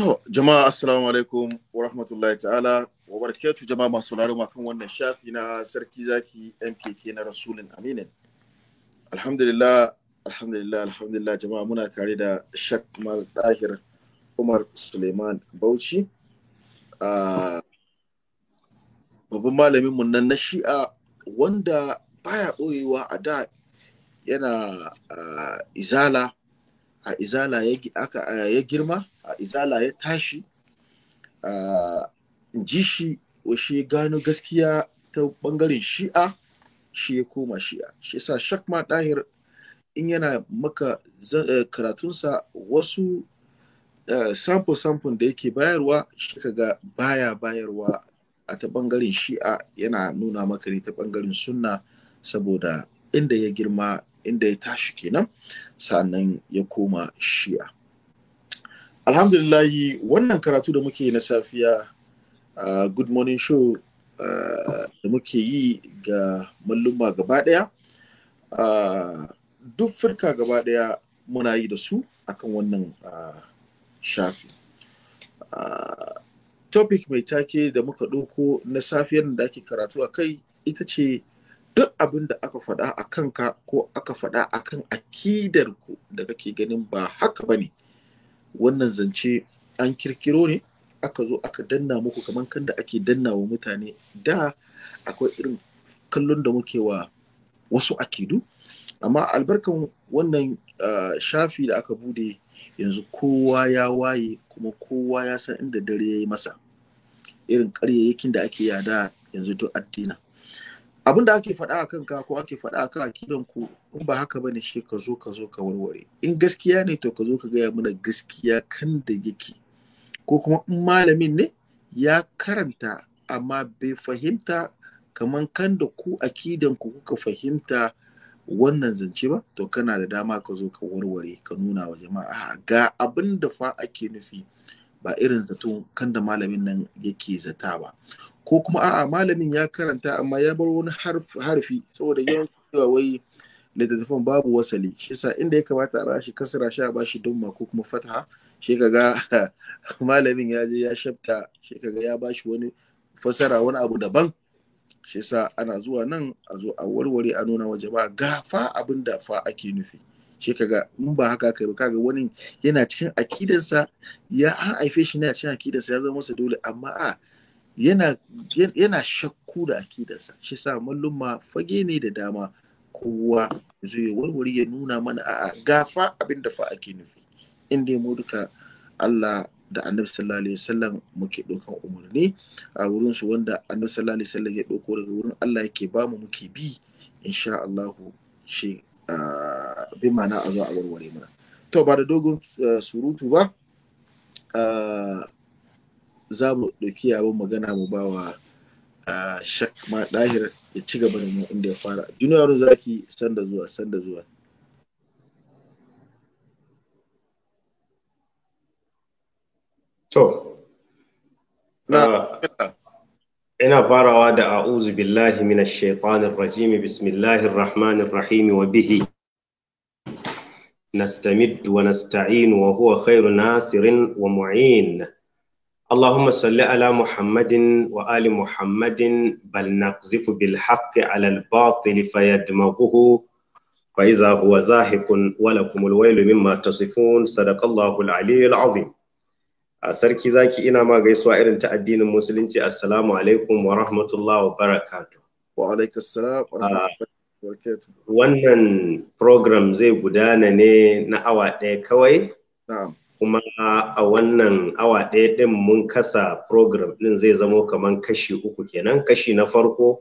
To, jama'a assalamu alaikum wa rahmatullahi ta'ala wa barakatuh jama'a masu ma kan wannan shafi na sarki zaki keke na Rasulun Aminin. Alhamdulillah, alhamdulillah, alhamdulillah jama'a muna tare da Shak Mal Dahir Umar Suleiman Bauchi. Ah, babban malamin mu nan na Shi'a wanda baya ɓoyewa a da yana ah, izala a izala ya girma a izala ya tashi ji shi washe gano gaskiya ta bangaren shi'a shi ya koma shi'a shi sa shakma dahir in yana maka eh, karatunsa wasu eh, sample-sample da yake bayarwa shi ga baya bayarwa a ta bangaren shi'a yana nuna maka ne ta bangaren sunna saboda inda ya girma inda ya tashi kenan sannan ya koma shi'a alhamdulillahi wannan karatu da muke na safiya a good morning show da muke yi ga malluma gaba daya duk firka gaba daya muna yi da su akan wannan shafi topic mai take da muka ɗauko na safiyar da ake karatu a kai ita ce duk abin da aka faɗa a kanka ko aka faɗa a kan akidar ku da kake ganin ba haka ba ne wannan zance an kirkiro ne aka zo aka danna muku kamar kan da ake danna wa mutane da akwai irin kallon da muke wa wasu akidu amma albarkan wannan ah, shafi da aka bude yanzu kowa ya waye kuma kowa ya san inda dare ya yi masa irin ƙaryayyakin da ake yada yanzu to addina abin da ake faɗa a kanka ko ake faɗa a kan akidan ku in ba haka bane shi ka zo ka zo ka warware in gaskiya ne to ka zo ka gaya mana gaskiya kan da yake ko kuma in malamin ne ya karanta amma bai fahimta kaman kan da ku akidan ku kuka fahimta wannan zance ba to kana da dama ka zo ka warware ka nuna wa jama'a ga abin da fa ake nufi ba irin zaton kan da malamin nan yake zata ba ko kuma a'a malamin ya karanta amma ya bar wani harfi saboda yawan cewa wai littattafan babu wasali shi sa inda ya kamata a kasara kasra a bashi dumma ko kuma fataha shi kaga malamin ya je ya shafta shi kaga ya bashi wani fasara wani abu daban shi sa ana zuwa nan a zo a warware a nuna wa jama'a ga fa abin da fa ake nufi shi kaga in ba haka kai ba kaga wani yana cikin akidansa ya an haife shi ne a cikin akidansa ya zama masa dole amma a yana shakku da ake akidarsa shi sa malluma fage ne da dama kowa zai warware ya nuna mana a gafa abin da fa ake nufi inda mu duka Allah da annabi sallallahu alaihi wasallam muke ɗaukan umarni a wurin su wanda annabi sallallahu alaihi wasallam ya ɗauko daga wurin Allah yake ba mu muke bi insha Allah shi bi ma'ana a zo a warware mana to ba da dogon eh, surutu ba za mu ɗauki abin magana mu ba wa shak ma ɗahir ya ci gaba da mu inda ya fara junior zaki da zuwa san da zuwa to uh, ina farawa da a'uzu billahi minash shaitanir rajim bismillahir rahmanir rahim wa bihi نستمد ونستعين وهو خير ناصر ومعين اللهم صل على محمد وآل محمد بل نقذف بالحق على الباطل فيدمغه فإذا هو زاهق ولكم الويل مما تصفون صدق الله العلي العظيم sarki zaki ina ma gaisuwa irin ta addinin musulunci assalamu wannan program zai gudana ne na awa ɗaya kawai kuma a wannan awa ɗaya ɗin mun kasa program ɗin zai zamo kamar kashi uku kenan kashi na farko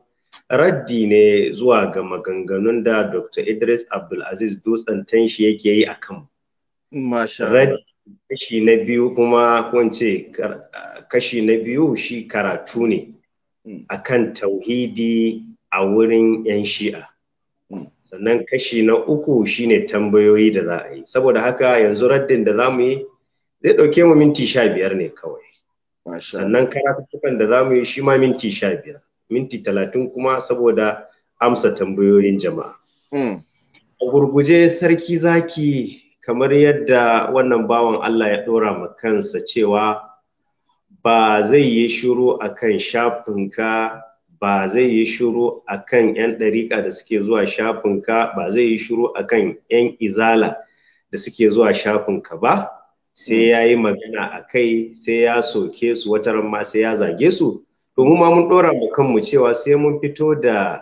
raddi ne zuwa ga maganganun da dr idris abdulaziz dutsen tanshi yake yi a kan kashi na biyu kuma ce kashi na biyu shi karatu ne hmm. a kan tauhidi a wurin 'yan shi'a Mm. sannan kashi na uku shine tambayoyi da za a yi saboda haka yanzu raddin da za mu yi zai ɗauke mu minti sha biyar ne kawai sannan karatukan da za mu yi shi ma minti sha biyar minti talatin kuma saboda amsa tambayoyin jama'a mm. a gurguje sarki zaki kamar yadda wannan bawan Allah ya ɗora ma kansa cewa ba zai yi shiru akan shafinka ba zai yi shiru kan 'yan ɗariƙa da suke zuwa shafinka ba zai yi shiru kan 'yan izala da suke zuwa shafinka ba sai ya yi magana a kai sai ya soke su wata ma sai ya zage su domin ma mun ɗora mu kanmu cewa sai mun fito da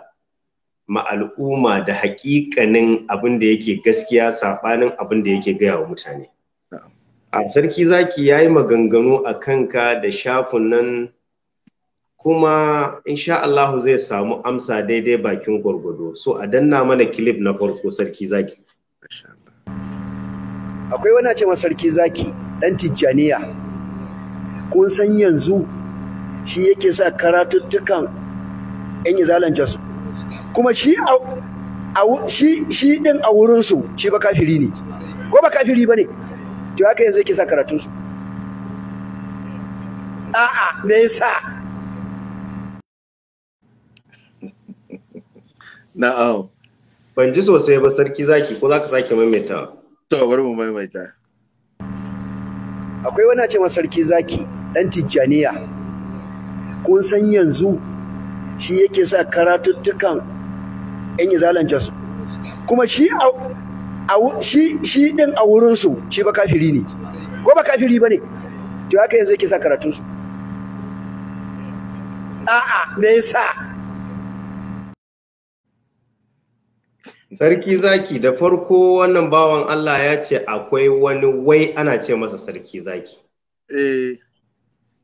ma'al'umma da haƙiƙanin abin da yake gaskiya saɓanin abin da yake gaya wa mutane a sarki zaki ya yi maganganu a kanka da shafin nan kuma insha Allah zai samu amsa daidai bakin gwargwado so a danna mana kilif na farko sarki zaki akwai wani ce sarki zaki dan tijjaniya kun san yanzu shi yake sa karatuttukan yan izalan jasu kuma shi a shi shi din a wurin su shi ba kafiri ne ko ba kafiri bane to haka yanzu yake sa karatun su a'a me yasa Na'am. Ban ji sosai ba sarki zaki ko zaka sake maimaitawa. To bari mu maimaita. Akwai wani ce sarki zaki dan Tijjaniya. Kun san yanzu shi yake sa karatuttukan yan izalan jasu. Kuma shi a shi shi din a wurin su shi ba kafiri ne. Ko ba kafiri bane. To haka yanzu yake sa karatun su. A'a me yasa? Sarki zaki da farko wannan bawan Allah ya ce akwai wani wai ana ce masa sarki zaki. Eh.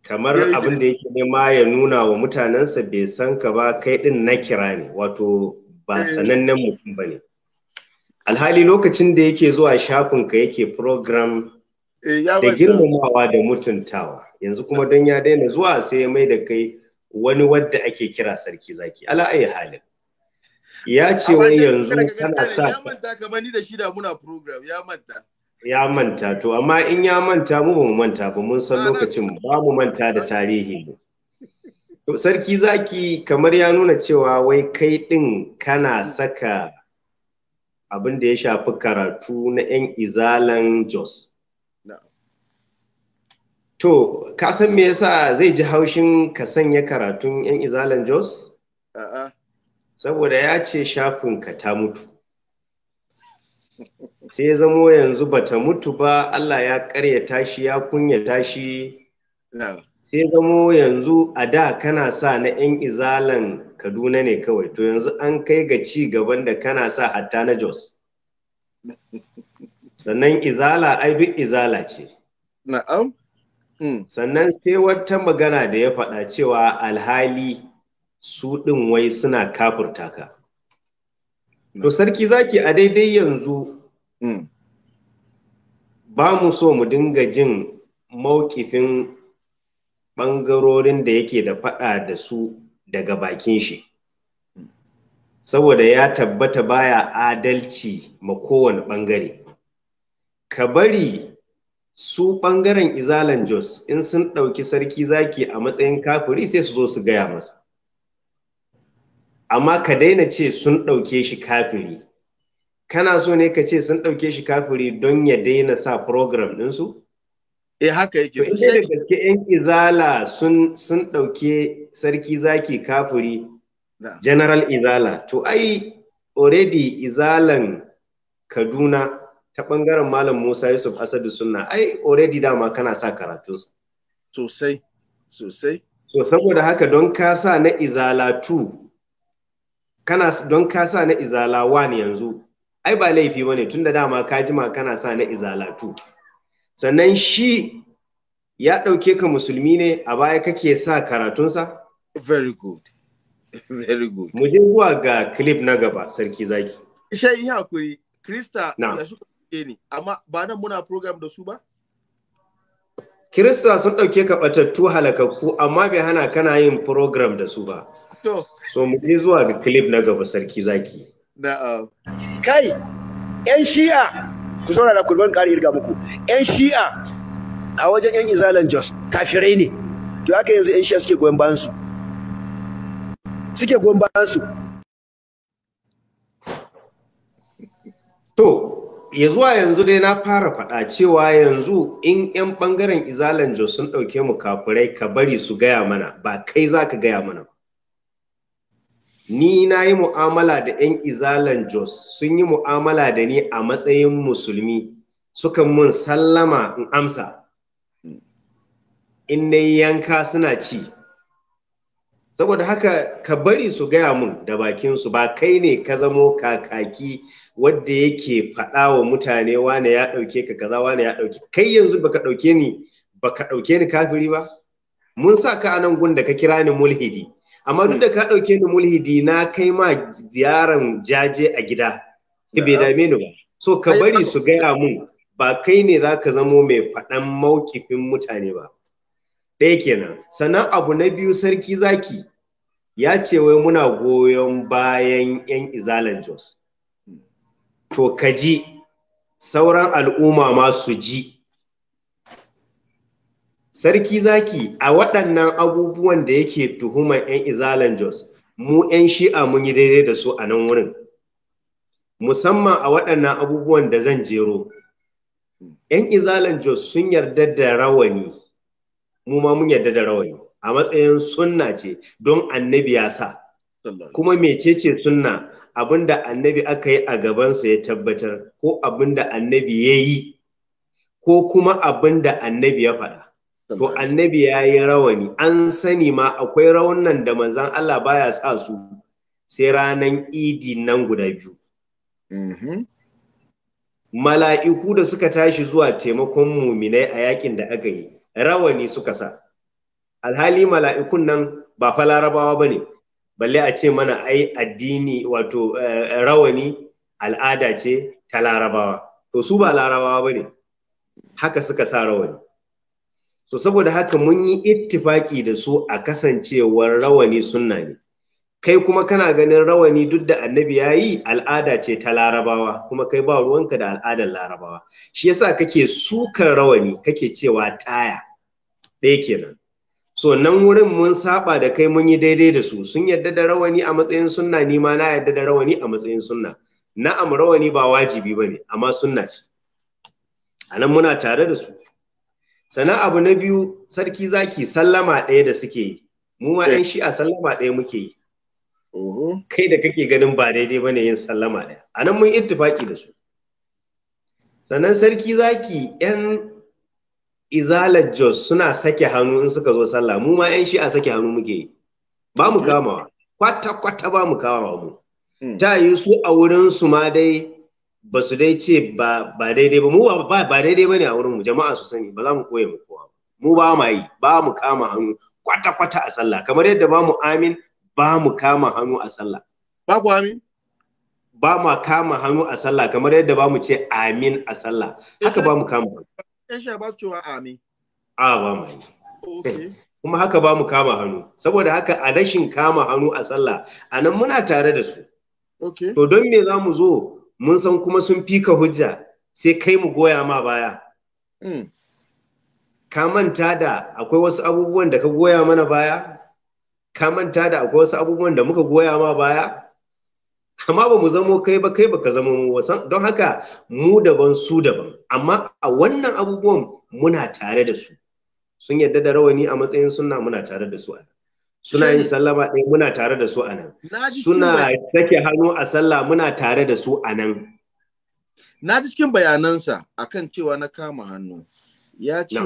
Kamar abin da yake nema ya nuna wa mutanensa bai san ka ba kai din na kira ne wato ba eh. sanannen mutum ba ne. Alhali lokacin da yake zuwa shafinka yake program eh, da girmamawa da mutuntawa yanzu kuma don ya daina zuwa sai ya mai da kai wani wadda ake kira sarki zaki ala ayi halin. ya ce wai yanzu kana sa ya manta ka bani da shida muna program ya manta ya manta to amma in ya manta mu ba mu manta ba mun san ah, lokacin ba mu manta da tarihi ne to sarki zaki kamar ya nuna cewa wai kai din kana hmm. saka abin da ya shafi karatu na 'yan izalan jos to ka san me yasa zai ji haushin ka sanya karatun 'yan izalan jos a'a saboda ya ce ka ta mutu sai zamo yanzu bata mutu ba Allah ya karya tashi ya kunyata shi sai zamo yanzu a da kana sa na 'yan izalan kaduna ne kawai to yanzu an kai ga ci gaban da kana sa hatta na jos sannan izala ai izala ce na'am mm. sannan sai wata magana da ya faɗa cewa alhali su ɗin wai suna kafurta ka. To sarki zaki a daidai yanzu mm. ba mu so mu dinga jin mawkifin ɓangarorin da yake da faɗa da su daga bakin shi. Mm. Saboda ya tabbata baya adalci ma kowane ɓangare. Ka bari su ɓangaren izalan Jos in sun ɗauki sarki zaki a matsayin kafuri sai su zo su gaya masa. amma ka daina ce sun ɗauke shi kafiri kana so ne ka ce sun ɗauke shi kafiri don ya daina sa program ɗinsu? Eh haka yake. Ita da gaske ‘yan izala sun sun ɗauke sarki zaki kafiri General Izala. To ai already izalan Kaduna ta ɓangaren Malam Musa Yusuf Asadu Sunna ai already dama kana sa karatunsa. Sosai, sosai. So saboda haka don ka sa na izala 2 kana don ka sa na izala one yanzu ai ba laifi bane tunda dama ka jima kana sa na izala two sannan shi ya ɗauke ka musulmi ne a baya kake sa karatunsa? Very good. Very good. Mu je zuwa ga clip na gaba sarki zaki. Shai yi hakuri, Krista na suka ni, amma ba nan muna program da su ba? Krista sun ɗauke ka ɓatattu halakakku amma bai hana kana yin program da su ba. To, So mu je zuwa ga clip na gaba sarki zaki. Na'am. Kai yan Shi'a ku zo da kulban ƙari irga muku. Yan Shi'a a wajen yan Izalan Jos kafirai ne. To haka yanzu yan Shi'a suke goyon bayan su. Suke goyon bayan su. To ya zuwa yanzu dai na fara faɗa cewa yanzu in 'yan ɓangaren izalan jos sun ɗauke mu kafurai ka bari su gaya mana ba kai za ka gaya mana ni na yi mu'amala da 'yan izalan jos sun yi mu'amala da ni a matsayin musulmi suka mun sallama in amsa in na yanka suna ci saboda haka ka bari su gaya mun da bakinsu ba kai ne ka zamo kakaki wadda yake faɗa wa mutane wane ya ɗauke ka kaza wane ya ɗauke kai yanzu baka ɗauke ni baka ɗauke ni kafiri ba mun sa ka a nan gun da ka kira ni mulhidi amma duk da ka ɗauke ni mulhidi na kai ma ziyaran jaje a gida bai dame ni ba so ka bari su gaya mun ba kai ne za ka zamo mai faɗan maukifin mutane ba ɗaya kenan sannan abu na biyu sarki zaki ya ce wai muna goyon bayan 'yan izalan jos to ka ji sauran al'umma ma su ji sarki zaki a waɗannan abubuwan da yake tuhumar 'yan izalan jos mu 'yan shi'a mun yi daidai da su a nan wurin musamman a waɗannan abubuwan da zan jero 'yan izalan jos sun yarda da rawani mu ma mun yarda da rawani a matsayin sunna ce don annabi ya sa kuma mecece sunna abinda annabi aka yi a gabansa ya tabbatar ko abinda annabi ya yi ko kuma abinda annabi ya faɗa to annabi ya yi rawani an sani ma akwai raunan da manzan Allah baya sa su sai ranan idi nan guda biyu mm-hmm. mala'iku da suka tashi zuwa taimakon muminai a yakin da aka yi rawani suka sa alhali mala'ikun nan ba fa larabawa ba ne balle a ce mana ai addini wato eh, rawani al'ada ce ta larabawa to su ba larabawa ba ne haka suka sa rawani so saboda haka mun yi ittifaki da su a kasancewar rawani sunna ne kai kuma kana ganin rawani duk da annabi ya yi al'ada ce ta larabawa kuma kai ba ruwanka da al'adar larabawa shi yasa kake sukan rawani kake cewa taya ɗaya kenan so nan wurin mun saba da kai mun yi daidai da su sun yadda da rawani a matsayin sunna ni ma na yadda da rawani a matsayin sunna na'am rawani ba wajibi bane amma sunna ce nan muna tare da su sannan abu na biyu sarki zaki sallama ɗaya da suke yi mu ma ɗan eh. a sallama ɗaya muke yi kai da kake ganin ba daidai bane yin sallama ɗaya a nan mun ittifaki da su sannan sarki zaki yan izalar jos suna sake hannu in suka zo sallah mu ma yan a sake hannu muke yi ba mu eh. kamawa kwata kwata ba mu kamawa mu hmm. ta yi su a wurin su ma dai ba su dai ce ba daidai ba mu ba daidai ba ne a wurinmu jama'a su sani ba za mu koya mu kowa mu ba mu yi ba mu kama hannu kwata-kwata a sallah kamar yadda ba mu amin ba mu kama hannu a sallah ba ku amin ba mu kama hannu a sallah kamar yadda ba mu ce amin a sallah haka ba mu kama hannu sha ba su cewa amin a ba mu yi kuma haka ba mu kama hannu saboda haka a rashin kama hannu a sallah a nan muna tare da su to don me za mu zo mun san kuma sun fika hujja sai kai mu goya ma baya hmm. ka manta da akwai wasu abubuwan da ka goya mana baya ka manta da akwai wasu abubuwan da muka goya ma baya amma ba mu zamo kai ba kai ba ka zama mu wasan don haka mu daban su daban amma a wannan abubuwan muna tare da su sun yadda da rawani a matsayin suna muna tare da su a suna yin sallama ɗaya muna tare da su a nan suna sake hannu a sallah muna tare da su a nan na ji cikin bayanansa akan cewa na kama hannu ya ce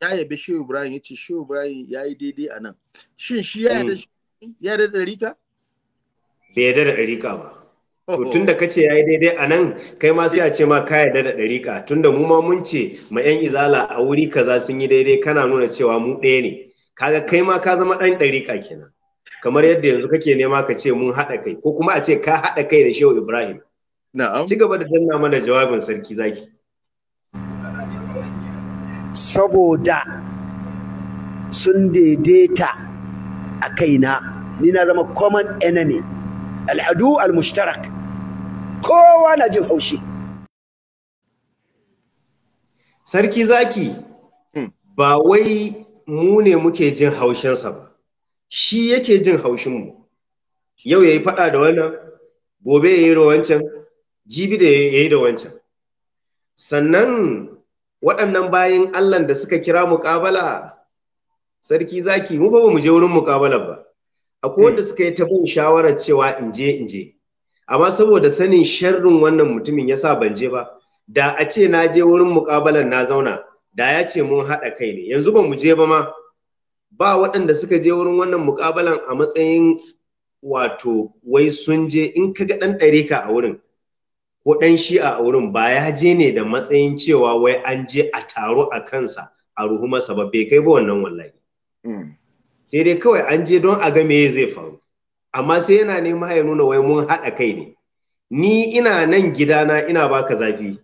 ya yabi shehu ibrahim ya ce shehu ibrahim ya yi daidai a nan shin shi ya yarda mm. da rika bai yarda da rika ba To oh. tun da kace yayi daidai a nan kai ma sai a ce ma ka yarda da ɗariƙa tunda mu ma mun ce ma 'yan izala a wuri kaza sun yi daidai kana nuna cewa mu ɗaya ne. kaga kai ma ka zama ɗan ɗariƙa kenan kamar yadda yanzu kake nema ka ce mun haɗa kai ko kuma a ce ka haɗa kai da shehu ibrahim na'am ci gaba da danna mana jawabin sarki zaki saboda sun daidaita a kaina ni na zama common enemy al'adu al-mushtarak kowa na jin haushi sarki zaki hmm. ba wai mu ne muke jin haushinsa ba shi yake jin haushinmu yau ya yi faɗa da wannan gobe ya yi da wancan jibi da ya yi da wancan sannan waɗannan bayan allah da suka kira muƙabala sarki zaki mu ba mu je wurin muƙabalar ba akwai wanda suka yi ta bin shawarar cewa in je amma saboda sanin sharrin wannan mutumin ya sa ban je ba da a ce na je wurin muƙabalar na zauna da ya ce mun haɗa kai ne yanzu ba mu je ba ma ba waɗanda suka je wurin wannan muƙabalan a matsayin wato wai sun je in ka ga ɗan ɗarika a wurin ko ɗan shi'a a wurin ba ya je ne da matsayin cewa wai an je a taro a kansa a ruhu masa ba bai kai ba wannan wallahi hmm. sai dai kawai an je don a ga me zai faru amma sai yana nema ya nuna wai mun haɗa kai ne ni ina nan gidana ina baka zafi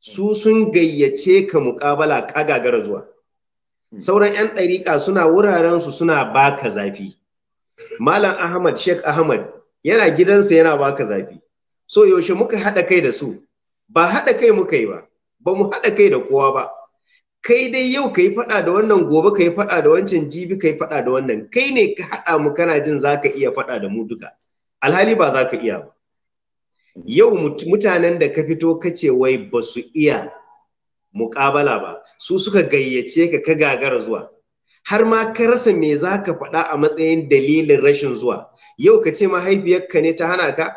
su sun gayyace ka muƙabala ka gagara zuwa hmm. sauran 'yan ɗariƙa suna wuraren su suna baka zafi malam ahmad sheikh ahmad yana gidansa yana baka zafi so yaushe muka haɗa kai da su ba haɗa kai muka yi ba ba mu haɗa kai da kowa ba kai dai yau ka yi faɗa da wannan gobe ka yi faɗa da wancan jibi ka yi faɗa da wannan kai ne ka haɗa mu kana jin za ka iya faɗa da mu duka alhali ba za ka iya ba yau mutanen da ka fito kace wai ba su iya muƙabala ba su suka gayyace ka ka gagara zuwa har ma ka rasa me za ka faɗa a matsayin dalilin rashin zuwa yau ka ce mahaifiyarka ne ta hana ka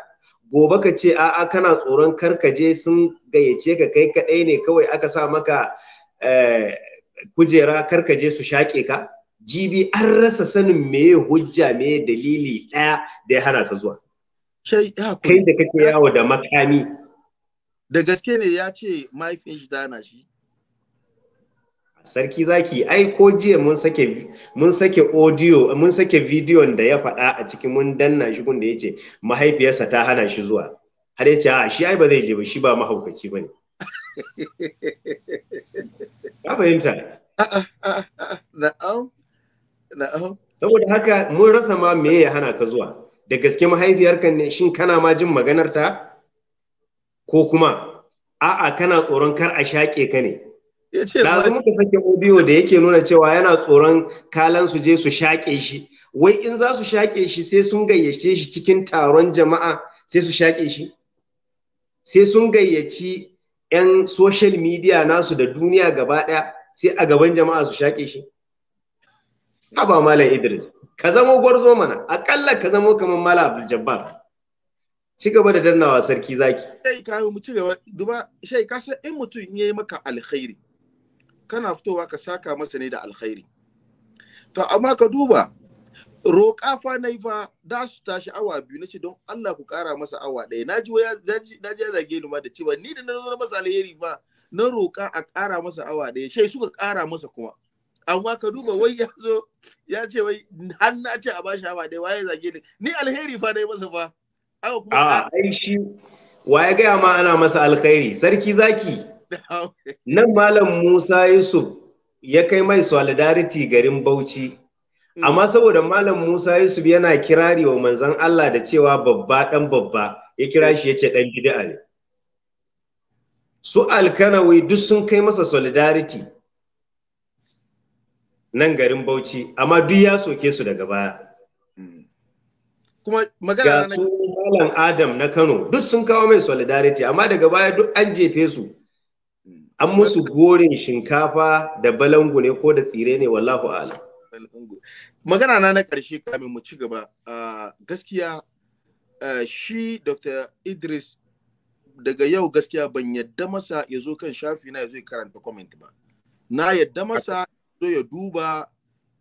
gobe ka ce a'a kana tsoron karkaje sun gayyace ka kai kaɗai ne kawai aka sa maka eh, kujera karkaje su shaƙe ka jibi an rasa sanin me hujja me dalili ɗaya da ya hana ka zuwa ya Kai da kake yawo da makami. Da gaske ne ya ce mahaifin shi dana shi. Sarki zaki ai ko jiya mun sake mun sake audio mun sake bidiyon da ya faɗa a cikin mun danna shi gun da yace mahaifiyarsa ta hana shi zuwa. Har ya ce a shi ai ba zai je ba shi ba mahaukaci ba ne. Ka fahimta. Na'am. Na'am. Saboda haka mun rasa ma me ya hana ka zuwa. da gaske mahaifiyarka ne shin kana ma jin maganar ta ko kuma a'a kana tsoron kar a shaƙe ka ne da zai muka sake audio da yake nuna cewa yana tsoron kalan su je su shaƙe shi wai in za su shaƙe shi sai sun gayyace shi cikin taron jama'a sai su shaƙe shi sai sun gayyaci 'yan social media nasu da duniya gaba ɗaya sai a gaban jama'a su shaƙe shi haba malam idris ka zamo gwarzo mana akalla ka zamo kamar malam abdul jabbar ci gaba da dannawa sarki zaki sai ka yi mutu gaba duba sai ka san in mutum yayi maka alkhairi kana fitowa ka saka masa ne da alkhairi to amma ka duba roƙa fa na yi fa da su tashi awa biyu na ce don Allah ku ƙara masa awa ɗaya na ji ya ji zage ni ma da cewa ni da na zo masa alheri fa na roƙa a ƙara masa awa ɗaya shai suka ƙara masa kuma amma ka duba wai ya zo ya ce wai har ce a bashi awa dai waye zage ni ni alheri fa dai masa fa aka kuma a ai shi waye gaya ma ana masa alkhairi sarki zaki nan malam Musa Yusuf ya kai mai solidarity garin Bauchi hmm. amma saboda malam Musa Yusuf yana kirari wa manzon Allah da cewa babba dan babba ya kira shi yace dan bid'a ne su alkanawi duk sun kai masa solidarity nan garin Bauchi amma duk ya soke su daga baya hmm. kuma magana na Malam Adam na Kano duk sun kawo mai solidarity amma daga baya duk an jefe su hmm. an musu gorin shinkafa da balangu ne ko da tsire ne wallahu a'lam magana na na ƙarshe kamin mu ci gaba gaskiya shi dr idris daga yau gaskiya ban yadda masa ya zo kan shafi na ya zo karanta comment ba na yadda masa zo ya duba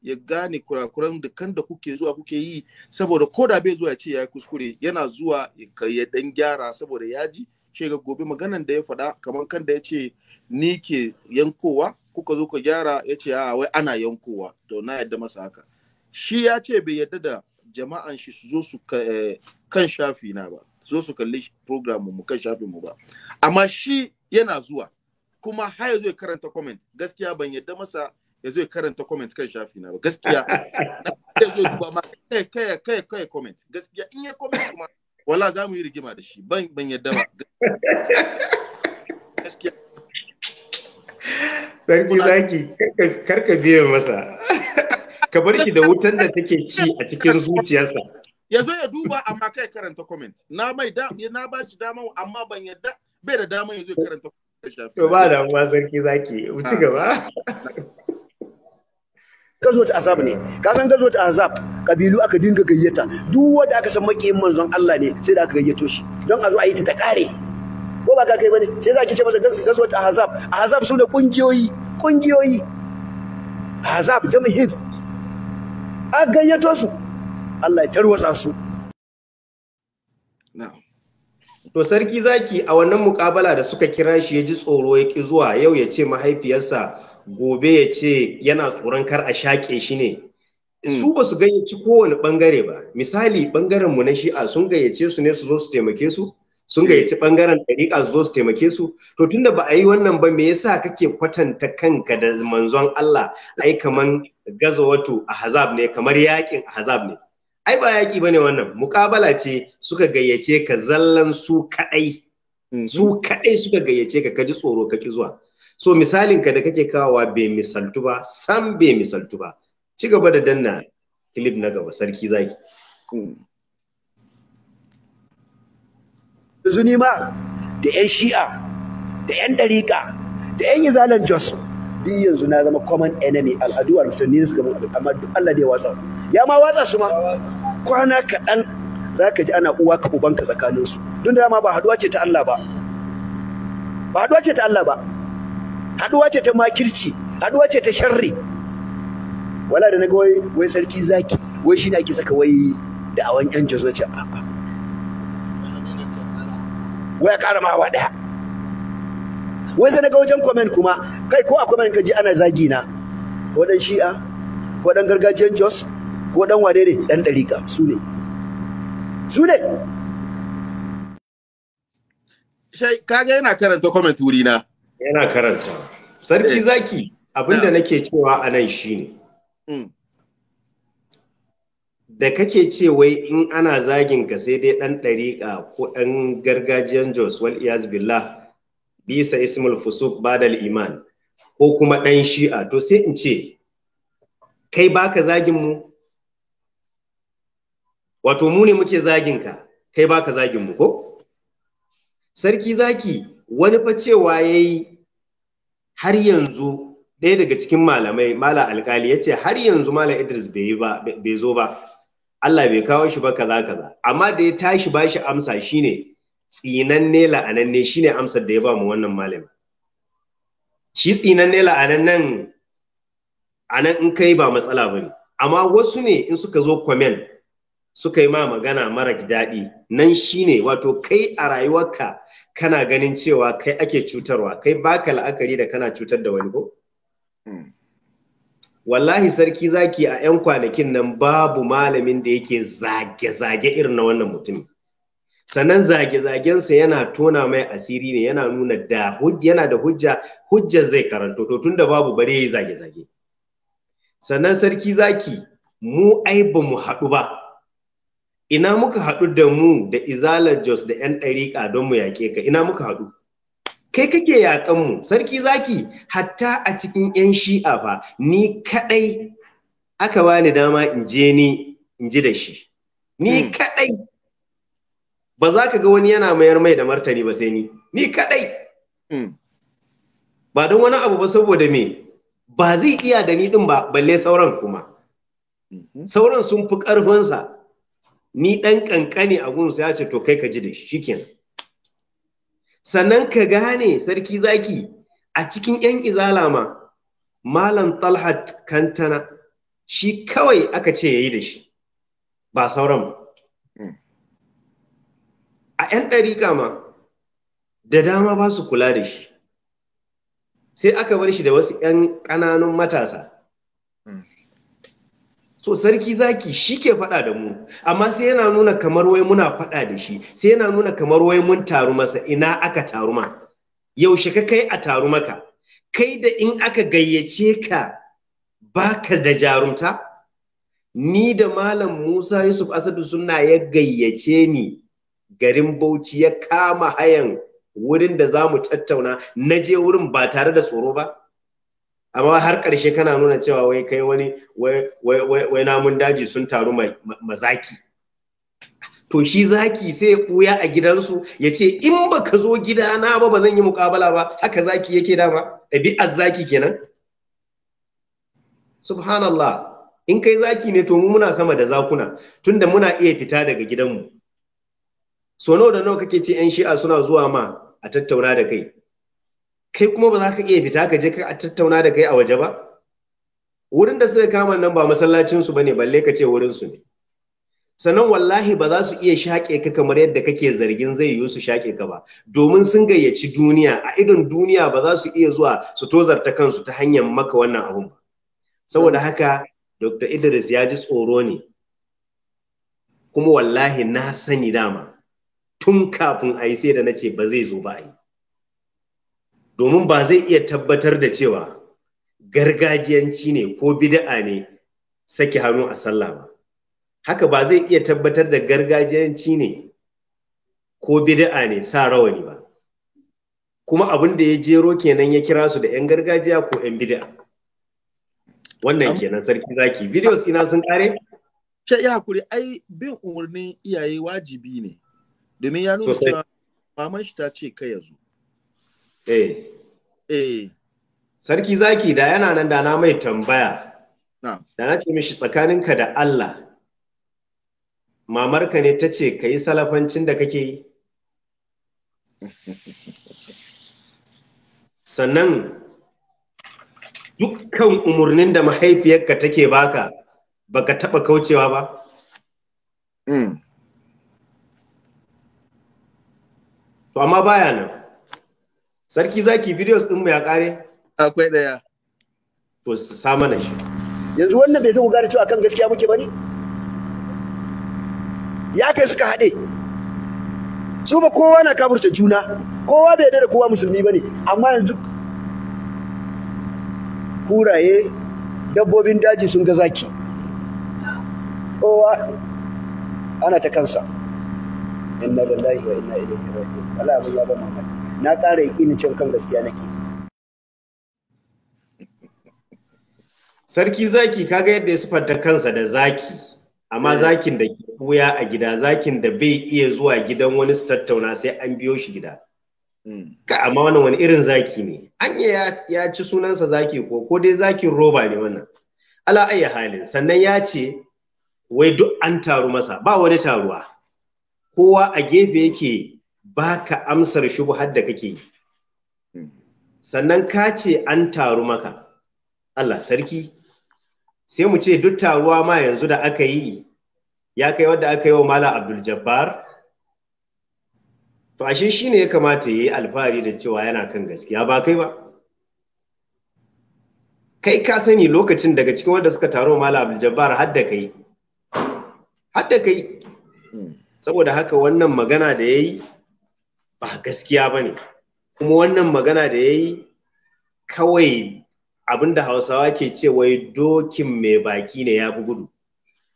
ya gane kurakuran da kan da kuke zuwa kuke yi saboda ko da bai zuwa ya ce ya kuskure yana zuwa ya dan gyara saboda ya ji ce ga gobe maganan da ya faɗa kamar kan da ya ce ni ke yankowa kuka zo ka gyara ya ce a wai ana yankowa to na yadda masa haka shi ya ce bai yadda da jama'an shi su zo su eh, kan shafi na ba zo su kalli program mu kan shafin mu ba amma shi yana zuwa kuma har yanzu ya karanta comment gaskiya ban yadda masa ya zo ya karanta comment kan shafi na ba gaskiya ya zo duba ma kai kai kai kai comment gaskiya in ya comment kuma wala za mu yi rigima da shi ban ban yadda ba gaskiya sarki kar ka biye masa ka bar shi da wutan da take ci a cikin zuciyarsa ya zo ya duba amma kai karanta comment na mai da na ba shi dama amma ban yadda bai da dama ya zo karanta comment ba da sarki zaki ci gaba ta azab ne ka san ta azab kabilu aka dinga gayyata duk wanda aka san makiyin manzon Allah ne sai da aka gayyato shi don a zo a yi ta kare ko ba ka kai bane sai za ki ce masa gazwat ta azab su da kungiyoyi kungiyoyi azab jami'in a gayyato su Allah ya tarwatsa su To sarki zaki a wannan mukabala da suka kira shi ya ji tsoro ya ki zuwa yau ya ce mahaifiyarsa gobe ya ce yana tsoron kar a shaƙe shi ne hmm. su ba su gayyaci kowane bangare ba misali bangaren mu na shi'a sun gayyace su ne su zo su taimake su sun hmm. gayyaci bangaren ɗariƙa su zo su taimake su to tunda ba a yi wannan ba me yasa kake kwatanta kanka da manzon Allah ai kaman gazawatu ahzab ne kamar yakin ahzab ne ai ba yaki bane wannan muƙabala ce suka gayyace ka zallan su kadai hmm. su kadai suka gayyace ka kaji tsoro ka ki zuwa so misalin ka da kake kawowa bai misaltu ba sam bai misaltu ba ci gaba da danna clip na gaba sarki zaki yanzu ni ma da yan shi'a da yan dariƙa da yan izalan jos duk yanzu na zama common enemy al'adu a musulmi suka mun amma duk Allah da ya watsa ya ma watsa su ma kwana kaɗan za ka ji ana uwa ka ubanka tsakaninsu don dama ba haduwa ce ta Allah ba ba haduwa ce ta Allah ba haduwa ce ta makirci haduwa ce ta sharri wala da naga wai sarki zaki wai shi ne ake saka wai da awan yan jazo ce a'a wai ƙara ma wa daya wai sai naga wajen comment kuma kai ko a comment ji ana zagi na ko dan shi'a ko dan gargajiyan jos ko dan wane ne dan dariqa su ne su ne kage yana karanta comment wuri na yana karanta sarki eh. zaki abinda nake cewa a nan shine mm. da kake ce wai in ana zagin ka sai dai ɗan ɗariƙa ko ɗan gargajiyan jos wal iyaz billah bisa ismul fusuk badal iman ko kuma ɗan shi'a to sai in ce kai baka zagin mu wato mu ne muke zagin ka kai baka zagin mu ko sarki zaki wani fa cewa yayi har yanzu ɗaya daga cikin malamai mala alkali ya ce har yanzu mala idris bai zo ba allah bai kawo shi ba kaza kaza amma da ya tashi ba shi amsa shine tsinanne la'ananne shine amsar da ya ba mu wannan malami shi tsinanne la'anannan anan in kai ba matsala ba ne amma wasu ne in suka zo kwamen suka yi ma magana mara daɗi nan shine wato kai a rayuwarka kana ganin cewa kai ake cutarwa kai baka la'akari da kana cutar da wani ko hmm. wallahi sarki zaki a 'yan kwanakin nan babu malamin da yake zage-zage irin na wannan mutum sannan zage-zagensa yana tona mai asiri ne yana nuna da yana da hujja hujja zai karanto to tunda babu bare yi zage-zage sannan sarki zaki mu ai ba mu haɗu ba ina muka haɗu da mu da izala jos da 'yan ɗariƙa don mu yaƙe ka ina muka haɗu kai kake yaƙan mu sarki zaki hatta a cikin 'yan shi'a fa ni kaɗai aka bani dama in je ni in ji da shi ni hmm. kaɗai ba za ka ga wani yana mayar mai da martani ba sai ni ni kaɗai hmm. ba don wani abu ba saboda me ba zai iya da ni ɗin ba balle sauran kuma hmm. sauran sun fi ƙarfinsa ni ɗan ƙanƙani a gunsa ya ce to kai ka ji da shi shikenan sannan ka gane sarki zaki a cikin yan izala ma malam talhat kantana shi kawai aka ce ya yi da shi ba sauran ba hmm. a yan ɗarika ma da dama ba su kula da shi sai aka bar shi da wasu yan ƙananun matasa so sarki zaki shi ke faɗa da mu amma sai yana nuna kamar wai muna faɗa da shi sai yana nuna kamar wai mun taru masa ina aka taru ma yaushe ka kai a taru maka kai da in aka gayyace ka baka da jarumta ni da malam Musa Yusuf Asadu suna ya gayyace ni garin Bauchi ya kama hayan wurin da za mu tattauna na je wurin ba tare da tsoro ba amma har ƙarshe kana nuna cewa wai kai wani wai namun daji sun taru mazaki to shi zaki sai ya ɓuya a gidansu ya ce in ba ka zo gidana ba ba zan yi mukabala ba haka zaki yake dama ɗabi'ar zaki kenan subhanallah in kai zaki ne to mu muna sama da zakuna tunda muna iya fita daga gidanmu so nawa da nawa kake ce 'yan shi'a suna zuwa ma a tattauna da kai kai kuma ba za ka iya fita ka je ka tattauna da kai a waje ba wurin da suka kama nan ba masallacin su bane balle ka ce wurin su ne sannan wallahi ba za su iya shaƙe ka kamar yadda kake zargin zai yiwu su shaƙe ka ba domin sun gayyaci duniya a idon duniya ba za su iya zuwa su tozarta kansu ta hanyar maka wannan abun ba saboda haka dr idris ya ji tsoro ne kuma wallahi na sani dama tun kafin a sai da na ce ba zai zo ba a yi domin ba zai iya tabbatar da cewa gargajiyanci ne ko bida'a ne sake hannu a sallah ba haka ba zai iya tabbatar da gargajiyanci ne ko bida'a ne sa rawani ba kuma abin da ya jero kenan ya kira su da 'yan gargajiya ko 'yan bida'a wannan kenan sarki zaki videos ina sun kare ce ya hakuri ai bin umarnin iyaye wajibi ne domin ya nuna maman shi ta ce ka ya zo Eh. Eh. Sarki zaki da yana nan da na mai tambaya. Da na ce mishi tsakaninka da Allah, mamarka ne ta ce ka yi salafancin da kake yi? Sannan dukkan umarnin da mahaifiyarka take baka baka taɓa kaucewa ba? Hmm. To amma baya nan. Sarki zaki videos ɗin mu ya ƙare? Akwai ɗaya. To sa mana shi. Yanzu wannan bai san ku gane cewa kan gaskiya muke bane? Ya kai suka haɗe. Su ba kowa na kafurta juna, kowa bai yarda da kowa musulmi bane, amma yanzu kuraye dabbobin daji sun ga zaki. Kowa ana ta kansa. Inna lillahi wa inna ilaihi raji'un. Allah ya ba mu na ƙara yaƙinin cin kan gaskiya nake sarki zaki kaga yadda ya siffanta kansa da zaki amma eh. zakin da ke buya a gida zakin da bai iya zuwa gidan wani su tattauna sai an biyo shi gida hmm. amma wannan wani irin zaki ne an ya ci sunansa zaki ko ko dai zakin roba ne wannan ala ayya halin sannan ya ce wai duk an taru masa ba wani taruwa kowa a gefe yake baka amsar shubuhar da kake yi sannan ka ce an taru maka Allah sarki sai mu ce duk taruwa ma yanzu da aka yi ya kai wadda aka yi wa Mala Abdul Jabbar to ashe shine ya kamata yi alfahari da cewa yana kan gaskiya ba kai ba kai ka sani lokacin daga cikin wanda suka wa Malam Abdul Jabbar har da kai har da kai hmm. saboda haka wannan magana da yayi ba gaskiya ba ne kuma wannan magana da ya yi kawai abinda hausawa ke ce wai dokin mai baki ne ya gudu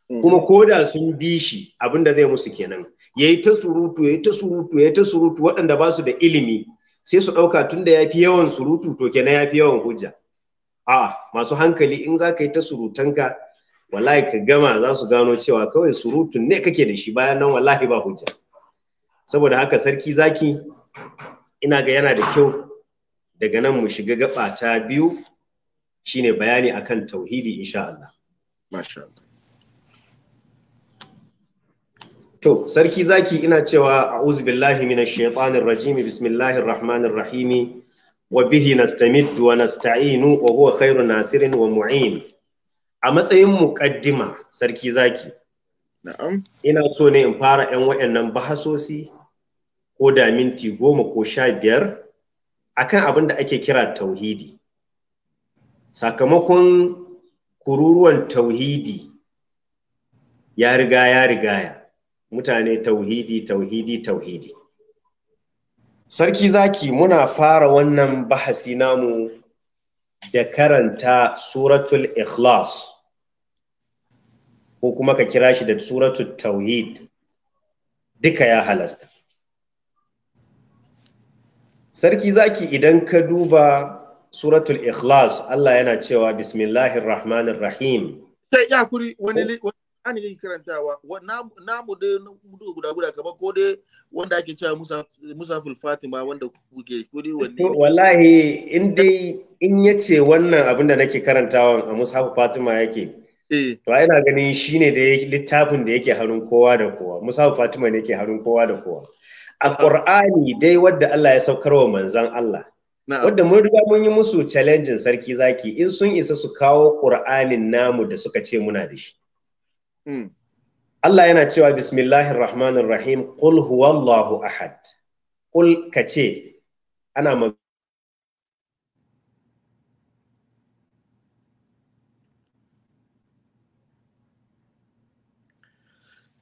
hmm. kuma ko da sun bi shi abinda zai musu kenan ya yi ta surutu ya yi ta surutu ya yi ta surutu waɗanda ba su da ilimi sai su ɗauka tunda da ya fi yawan surutu to kenan ya fi yawan hujja a masu hankali in za ka yi ta surutanka wallahi ka gama za su gano cewa kawai surutun ne kake da shi bayan nan wallahi ba hujja. saboda haka sarki zaki ina ga yana da kyau daga nan mu shiga gaba ta biyu shine bayani akan tauhidi insha Allah masha to sarki zaki ina cewa a'udhu billahi minash shaitanir rajim bismillahir rahmanir rahim wa bihi nastamiddu wa nasta'inu wa huwa khairun nasirin wa mu'in a matsayin muqaddima sarki zaki na'am ina so ne in fara yan wayannan bahasosi ko da minti goma ko sha biyar akan abin da ake kira tauhidi sakamakon kururuwan tauhidi ya riga ya rigaya mutane tauhidi tauhidi tauhidi sarki zaki muna fara wannan bahasi namu da karanta suratul ikhlas ko kuma ka kira shi da suratul tauhid duka ya halasta sarki zaki idan ka duba suratul ikhlas Allah yana cewa bismillahir rahmanir rahim sai ya kuri wani wani ne karantawa na mu da mudu guda guda kamar ko dai wanda ake cewa Musa Fatima wanda kuke kuri wani wallahi in dai in yace wannan abin da nake karantawa a Musa Fatima yake eh. to ina ganin shine da littafin da yake harun kowa da kowa Musa Fatima ne yake harun kowa da kowa a Qur'ani dai wadda Allah ya saukar wa manzan Allah wadda mun riga mun yi musu challenging sarki zaki in sun isa su kawo Qur'anin namu da suka ce muna da shi hmm. Allah yana cewa bismillahir rahmanir rahim qul huwallahu ahad qul kace ana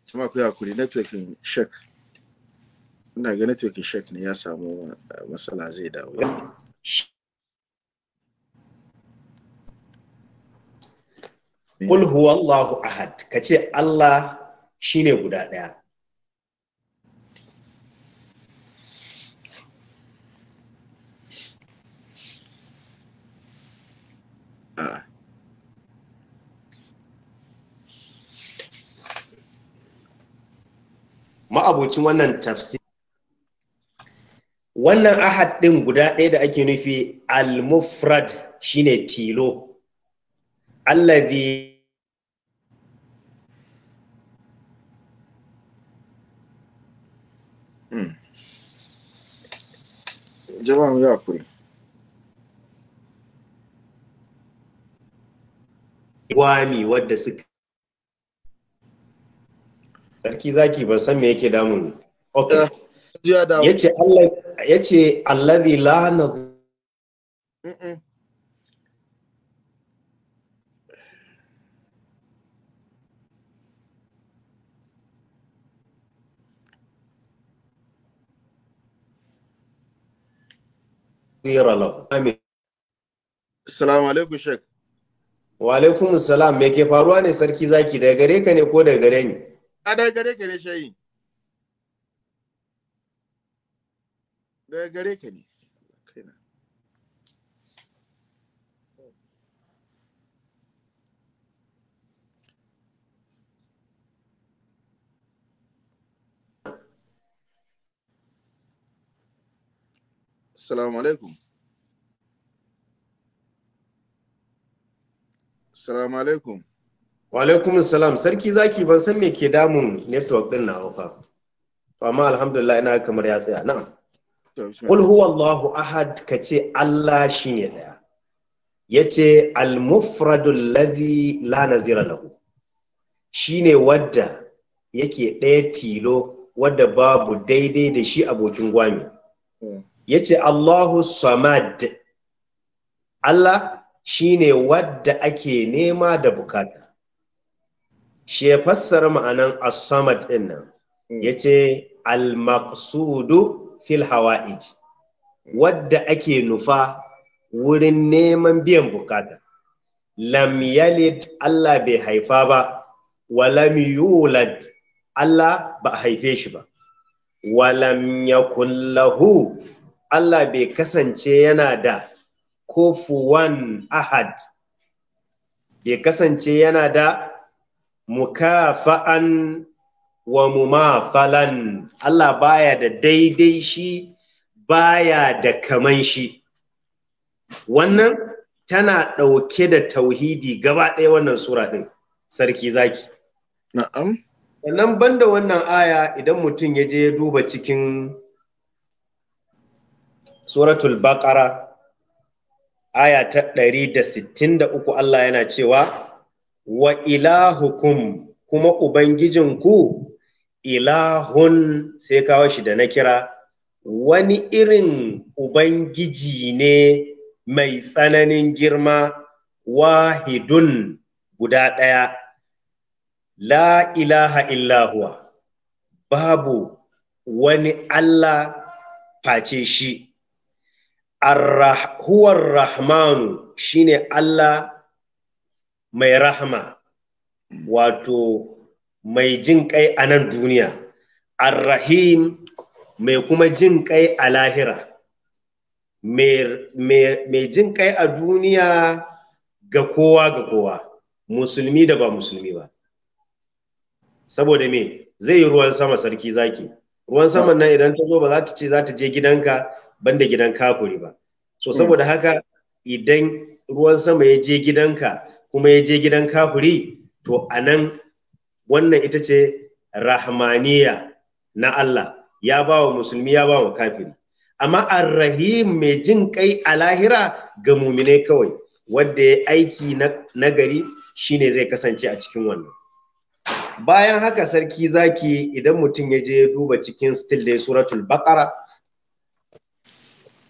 Tuma ku ya kuri networking shek. ina ga network shek ne ya samu eh, matsala zai dawo Kul huwa Allahu ahad ka ce Allah shine guda ɗaya ah. ma'abocin wannan tafsir wannan ahad ɗin guda ɗaya da ake nufi al-mufrad shine tilo allazi hmm. jama'a mu ya kuri gwami wadda suka sarki zaki ba san me yake damun eh, ya ce allazi ya ce allazi la na lau. alaikum Sheikh. Wa alaikum salam me ke faruwa ne sarki zaki daga gare ka ne ko daga gare ni? A daga gare ka ne shayi. daga gare ka ne kaina Assalamu alaikum. Assalamu alaikum. Wa alaikum salam. Sarki zaki ban san me ke damun network din na fa. Amma alhamdulillah ina kamar ya tsaya. Na'am. Qul huwa Allahu ahad ka ce Allah shine daya. Yace al-mufradul lazi la nazira lahu. Shine wadda yake ɗaya tilo wadda babu daidai da shi abokin gwami. Hmm. Yace Allahu samad. Allah shine wadda ake nema da bukata. Shi fassara ma'anan as-samad dinnan. Hmm. Yace al-maqsudu fil hawa'ij wadda ake nufa wurin neman biyan bukata lam yalid Allah bai haifa ba wa yulad Allah ba a haife shi ba wa yakul lahu Allah bai kasance yana da kufuwan ahad bai kasance yana da mukafa'an wa mu ma mumathalan Allah baya da daidai shi baya da kaman shi wannan tana ɗauke da tauhidi gaba ɗaya wannan sura ɗin sarki zaki na'am sannan banda wannan aya idan mutum ya je ya duba cikin suratul baqara aya ta 163 Allah yana cewa wa ilahukum kuma ubangijinku ilahun sai kawo shi da na kira wani irin ubangiji ne mai tsananin girma wahidun guda ɗaya la ilaha illahuwa babu wani Allah face shi huwar rahmanu shine Allah mai rahma wato mai jin kai a nan duniya arrahim mai kuma jin kai a lahira mai jin kai a duniya ga kowa ga kowa musulmi da ba musulmi ba saboda me zai yi ruwan sama sarki zaki ruwan saman nan idan ta zo ba za ta ce za ta je gidanka banda gidan kafuri ba so saboda haka idan ruwan sama ya je gidanka kuma ya je gidan kafuri to a nan wannan ita ce rahmaniya na Allah ya ba wa musulmi ya ba wa kafiri amma arrahim mai jin kai a lahira ga muminai kawai wadda ya aiki na gari shine zai kasance a cikin wannan bayan haka sarki zaki idan mutum ya je duba cikin still dai suratul baqara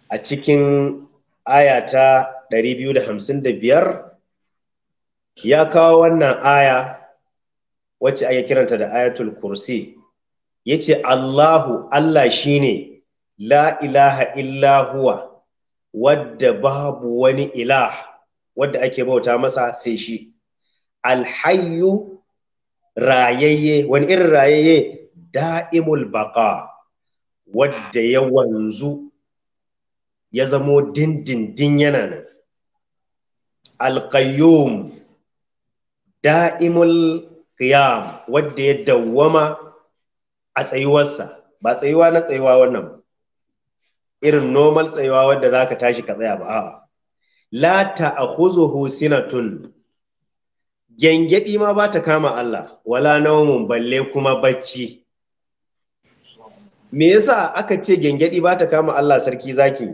a cikin aya ta 255 ya kawo wannan aya wacce ake kiranta da ayatul kursi yace Allahu Allah shine la ilaha illa huwa wadda babu wani ilah wadda ake bauta masa sai shi alhayyu rayayye wani irin rayayye da'imul baqa wadda ya wanzu ya zamo dindindin yana nan da'imul qiyam wadda ya dawwama a tsayuwarsa ba tsayuwa na tsayuwa wannan irin normal tsayuwa wadda za ka tashi ka tsaya ba a'a la ta'khuzuhu sinatun gyangyaɗi ma ba ta kama Allah wala naumun balle kuma bacci me yasa aka ce gyangyaɗi ba ta kama Allah sarki zaki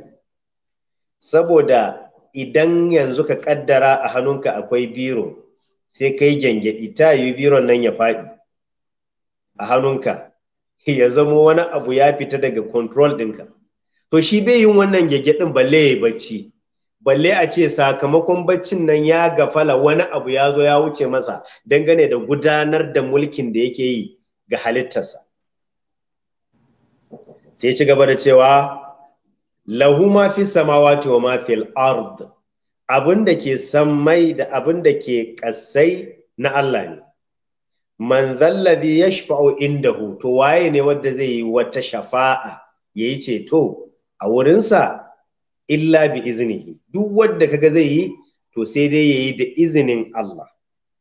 saboda idan yanzu ka kaddara a hannunka akwai biro sai kai gyangyaɗi ta yi biron nan ya faɗi a hannunka ya zama wani abu ya fita daga control ɗinka to shi bai yin wannan gyangyaɗin balle ya yi bacci balle a ce sakamakon baccin nan ya gafala wani abu ya zo ya wuce masa dangane da gudanar da mulkin da yake yi ga halittarsa sai ci gaba da cewa lahu ma fi samawati wa ma fil ard abin da ke san mai da abin da ke ƙasai na Allah ne man zallazi yashfa'u indahu to waye ne wadda zai yi wata shafa'a ya yi ceto a wurinsa illa bi iznihi duk wanda kaga zai yi to sai dai yayi da izinin Allah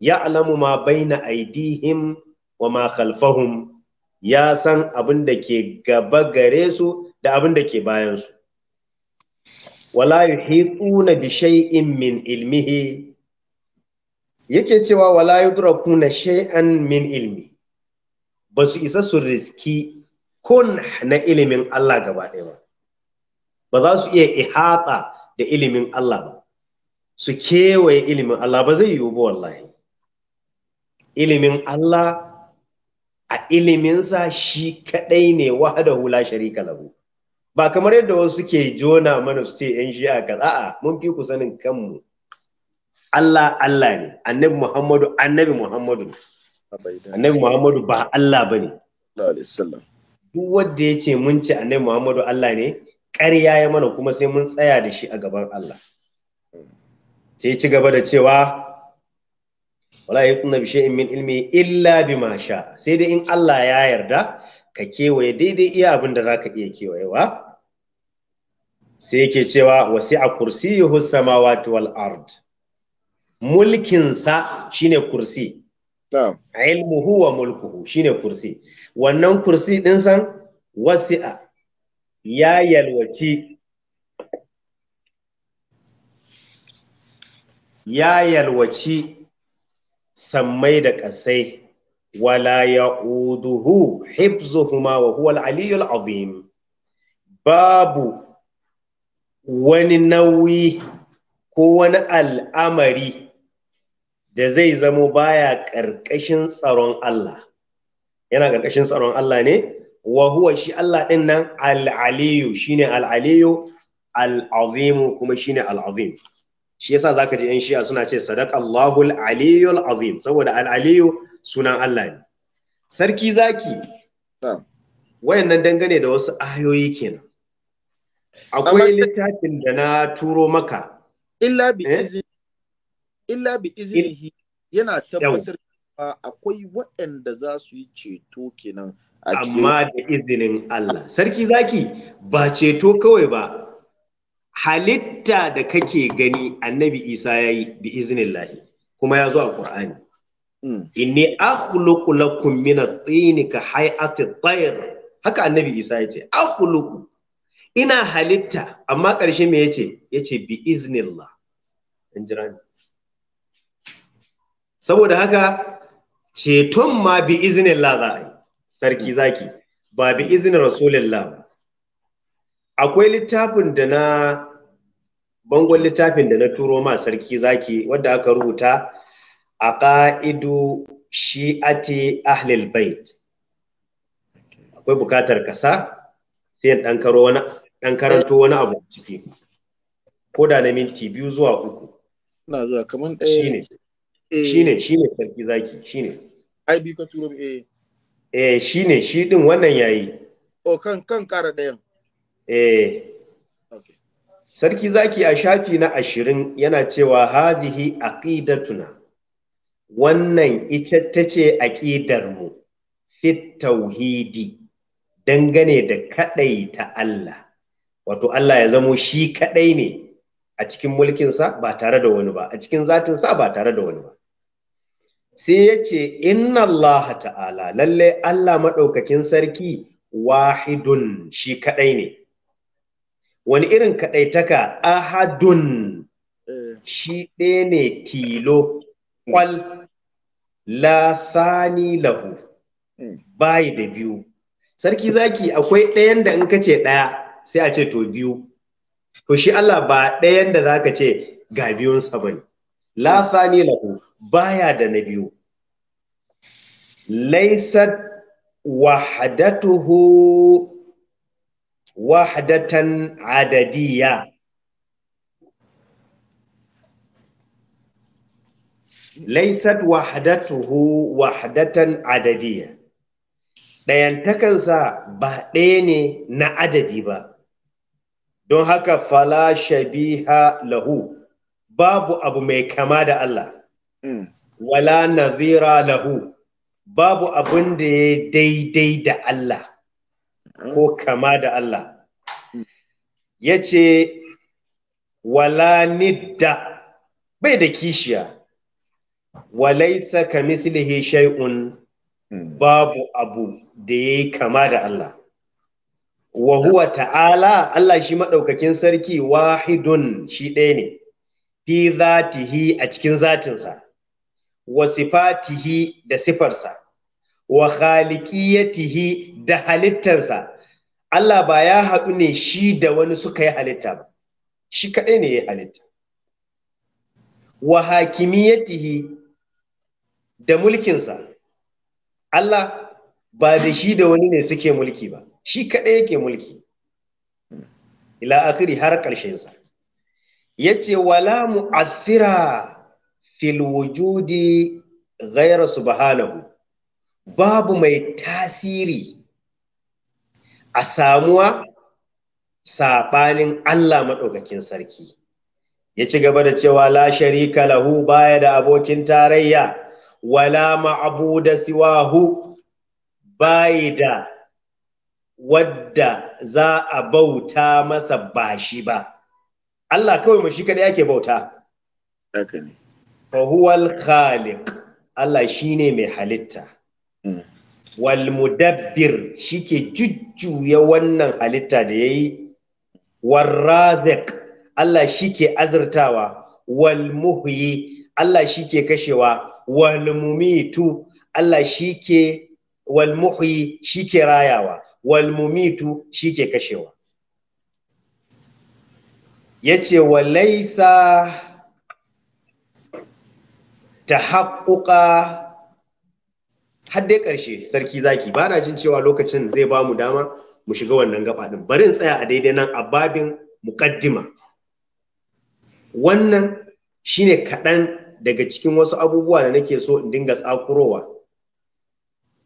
ya alamu ma baina aidihim wa ma khalfahum ya san abin da ke gaba gare su da abin da ke bayansu wala yuhituna bi shay'in min ilmihi yake cewa wala yudrakuna shay'an min ilmi ba su isa su riski kun na ilimin Allah gaba ɗaya ba ba za su iya ihata da ilimin Allah ba su kewaye ilimin Allah ba zai yiwu ba wallahi ilimin Allah a iliminsa shi kaɗai ne wahadahu la sharika lahu ba kamar yadda wasu suke jona mana su ce yan shi'a ka a'a mun fi ku sanin kanmu Allah Allah ne annabi Muhammadu annabi Muhammadu annabi Muhammadu ba Allah bane duk wanda ya ce mun ce annabi Muhammadu Allah ne ƙarya ya mana kuma sai mun tsaya da shi a gaban Allah sai ci gaba da cewa wala yi bi shay'in min ilmi illa bima sha sai dai in Allah ya yarda ka kewaye daidai iya abin da za ka iya kewayewa sai yake cewa wasi a kursiyuhu samawati wato al'ard mulkinsa shine kursi A ilmuhu wa mulkuhu ne kursi wannan kursi ɗin san wasi'a ya yalwaci ya yalwaci sammai da ƙasai wala ya'uduhu hifzuhuma wa huwa al azim babu wani nauyi ko wani al'amari da zai zamo baya ƙarƙashin tsaron Allah yana ƙarƙashin tsaron Allah ne wa huwa shi Allah ɗin nan aliyu shine al al'azimu kuma shine azim shi yasa zaka ji yan shi'a suna ce sadaqallahu al-aliyul azim saboda al-aliyu sunan Allah ne sarki zaki wayannan dangane da wasu ayoyi kenan akwai littafin da na turo maka illa bi eh? izini illa bi iznihi yana tabbatar akwai waɗanda za su yi ceto kenan amma da izinin Allah sarki zaki ba ceto kawai ba halitta da kake gani annabi isa ya yi bi kuma ya zo a ƙur'ani hmm. inni akhluqu lakum min at ka hay'ati at-tayr haka annabi isa ya ce akhluqu ina halitta amma ƙarshe me yace yace bi iznillah in jira saboda haka ceton ma bi iznillah za a yi sarki hmm. zaki ba bi iznin rasulillah akwai littafin da na bangon littafin da na turo ma sarki zaki wadda aka rubuta a ƙa'idu shi'ati ahlil bait akwai bukatar kasa sai ɗan ɗan karanto wani abu ciki ko da na minti biyu zuwa uku na zuwa Kamar ɗaya shi ne-shi ne-shi ne eh. sarki zaki ne. ai bi ka turo eh, eh shi ne, shi din wannan yayi o oh, kan kan kara ɗayan eh sarki zaki a shafi na ashirin yana cewa hazihi aqidatuna wannan ita ta ce aƙidarmu fit tauhidi dangane da kaɗai ta Allah wato Allah ya zamo shi kaɗai ne a cikin mulkinsa ba tare da wani ba a cikin zatinsa ba tare da wani ba sai ya ce inna Allah ta'ala lalle Allah maɗaukakin sarki wahidun shi kaɗai ne wani irin kaɗaitaka ahadun eh. shi ɗaya ne tilo hmm. kwal la thani lahu hmm. bayi da biyu sarki zaki akwai ɗayan da in ka ce ɗaya sai a ce to biyu to shi Allah ba ɗayan da za ka ce ga biyunsa ba ne la hmm. thani lahu baya da na biyu laisat wahadatuhu wahdatan adadiyya laysat wahdatuhu wahdatan adadiyya ɗayantakansa ba ɗaya ne na adadi ba don haka fala shabiha lahu babu abu mai kama da Allah hmm. wala nazira lahu babu abin da ya daidai da Allah ko kama da Allah ya ce wala nidda bai da kishiya walaisa ka mislihi shay'un hmm. babu abu da ya yi kama da Allah wa huwa ta'ala Allah shi maɗaukakin sarki wahidun shi ɗaya ne fi zatihi a cikin zatinsa wa sifatihi da sifarsa wa khaliqiyatihi da halittarsa Allah ba ya haɗu ne shi da wani suka yi halitta ba shi kaɗai ne ya yi halitta wa hakimiyatihi da mulkinsa Allah ba da shi da wani ne suke mulki ba shi kaɗai yake mulki ila akhiri har ƙarshensa ya ce wala mu'athira fil wujudi ghaira subhanahu babu mai tasiri a samuwa saɓanin Allah maɗaukakin sarki ya ci gaba da cewa la sharika lahu baya da abokin tarayya wala ma'abudasiwahu, siwahu bayi da wadda za a bauta masa ba shi ba Allah kawai mu shi yake bauta haka ne huwal khaliq Allah shine mai halitta mm. wal mudabbir ke jujjuya wannan halitta da yayi warraziq Allah shike azurtawa wal muhyi Allah ke kashewa wal mumitu Allah ke, wal shi ke rayawa wal mumitu shike kashewa yace walaisa haƙƙuƙa. har dai ƙarshe sarki zaki ba na jin cewa lokacin zai ba mu dama mu shiga wannan gaba din bari tsaya a daidai nan a babin muqaddima wannan shine kaɗan daga cikin wasu abubuwa da nake so in dinga tsakurowa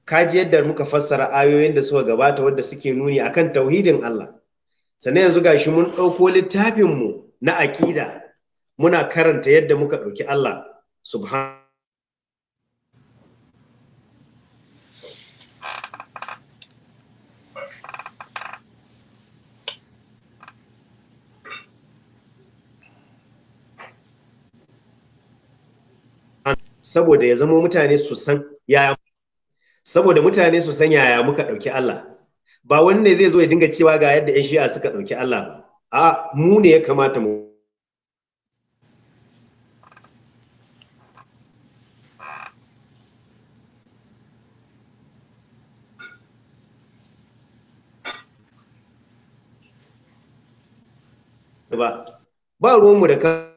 kaji yadda muka fassara ayoyin da suka gabata wadda suke nuni akan tauhidin Allah sannan yanzu gashi mun ɗauko mu na aƙida muna karanta yadda muka ɗauki Allah subhanahu saboda ya zama mutane su san yaya saboda mutane su san yaya muka ɗauki Allah ba wani zai zo ya dinga cewa ga yadda 'yan shi'a suka ɗauki Allah ba a mu ne ya kamata mu ba ruwanmu da ka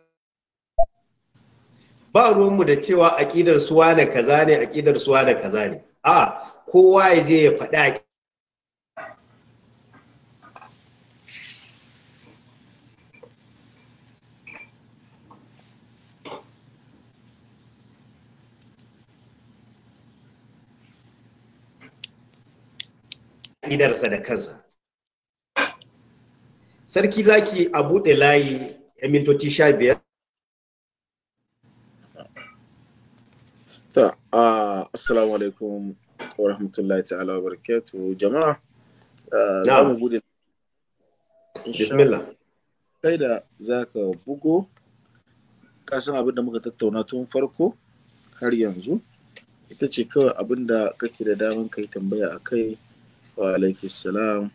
ba ruwanmu da cewa aƙidar suwa na kaza ne aƙidar suwa na kaza ne a kowa ya je ya faɗa aƙidarsa da kansa sarki zaki a buɗe layi 'yan mintoci sha biyar Ta, uh, assalamu alaikum wa rahmatullahi ta'ala wa barakatuhu jama'a. Uh, za mu bude. Bismillah. Kai da za ka bugo, kasan abin da muka tattauna tun farko har yanzu, ita ce kawai abin da kake da daman kai tambaya a kai wa alaikis salam.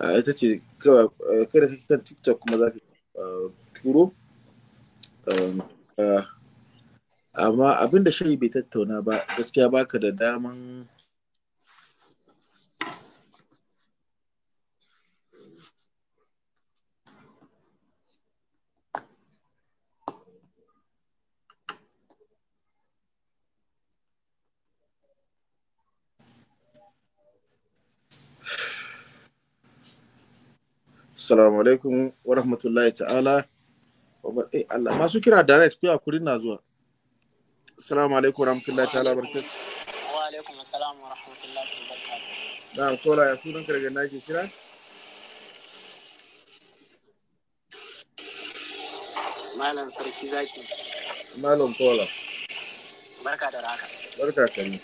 Uh, ita ce kawai eh, kai da kake kan TikTok kuma za ka turo. Um, amma abin da shayi bai tattauna ba gaskiya baka da daman Assalamu alaikum wa rahmatullahi eh, ta'ala. Allah masu kira direct ku hakuri na zuwa. Assalamu alaikum warahmatullahi ta'ala barkatu. Wa alaikum assalam wa rahmatullahi wa barakatuh. Na'am kola ya sunan ka daga kira? Malam sarki zaki. Malam kola. Barka da raka. Barka ka ne.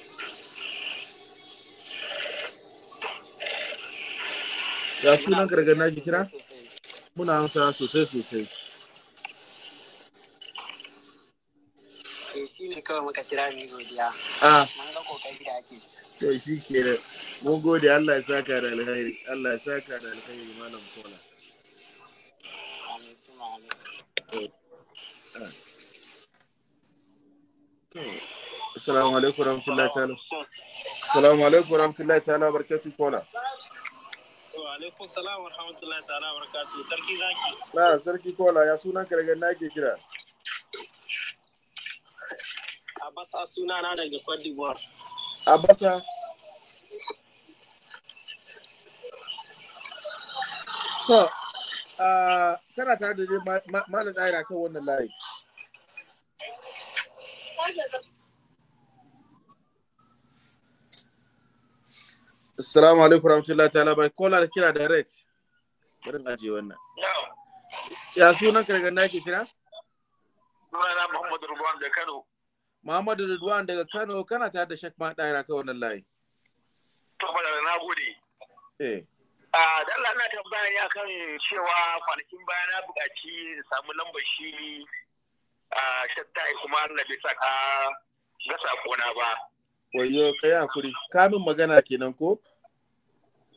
Ya sunan kira? Muna amsa sosai sosai. kawai muka kira mu godiya. Ah. Mun kokari da ake. To shi Mun gode Allah ya saka da Allah ya saka da malam Kola. Ah. Assalamu alaikum warahmatullahi ta'ala. Assalamu alaikum warahmatullahi ta'ala barkatu Kola. alaikum salam wa rahmatullahi ta'ala wa sarki zaki na sarki kola ya sunan ka daga ke kira Abasa sunana daga Cote d'Ivoire. Abasa. kana tare da dai malam Aira kan wannan layi. Assalamu alaikum warahmatullahi ta'ala bai kola da kira direct. Bari wannan. Ya sunan ka daga nake kira? da Kano. Muhammadu Ridwan daga Kano kana tare da Sheikh Mahdaira kai wannan layi. To ba na gode. Eh. Ah dan Allah na tambaya ne akan cewa kwanakin baya na buƙaci samu lambar shi a shattai kuma Allah bai saka sako na ba. Wayo kai hakuri. Ka min magana kenan ko?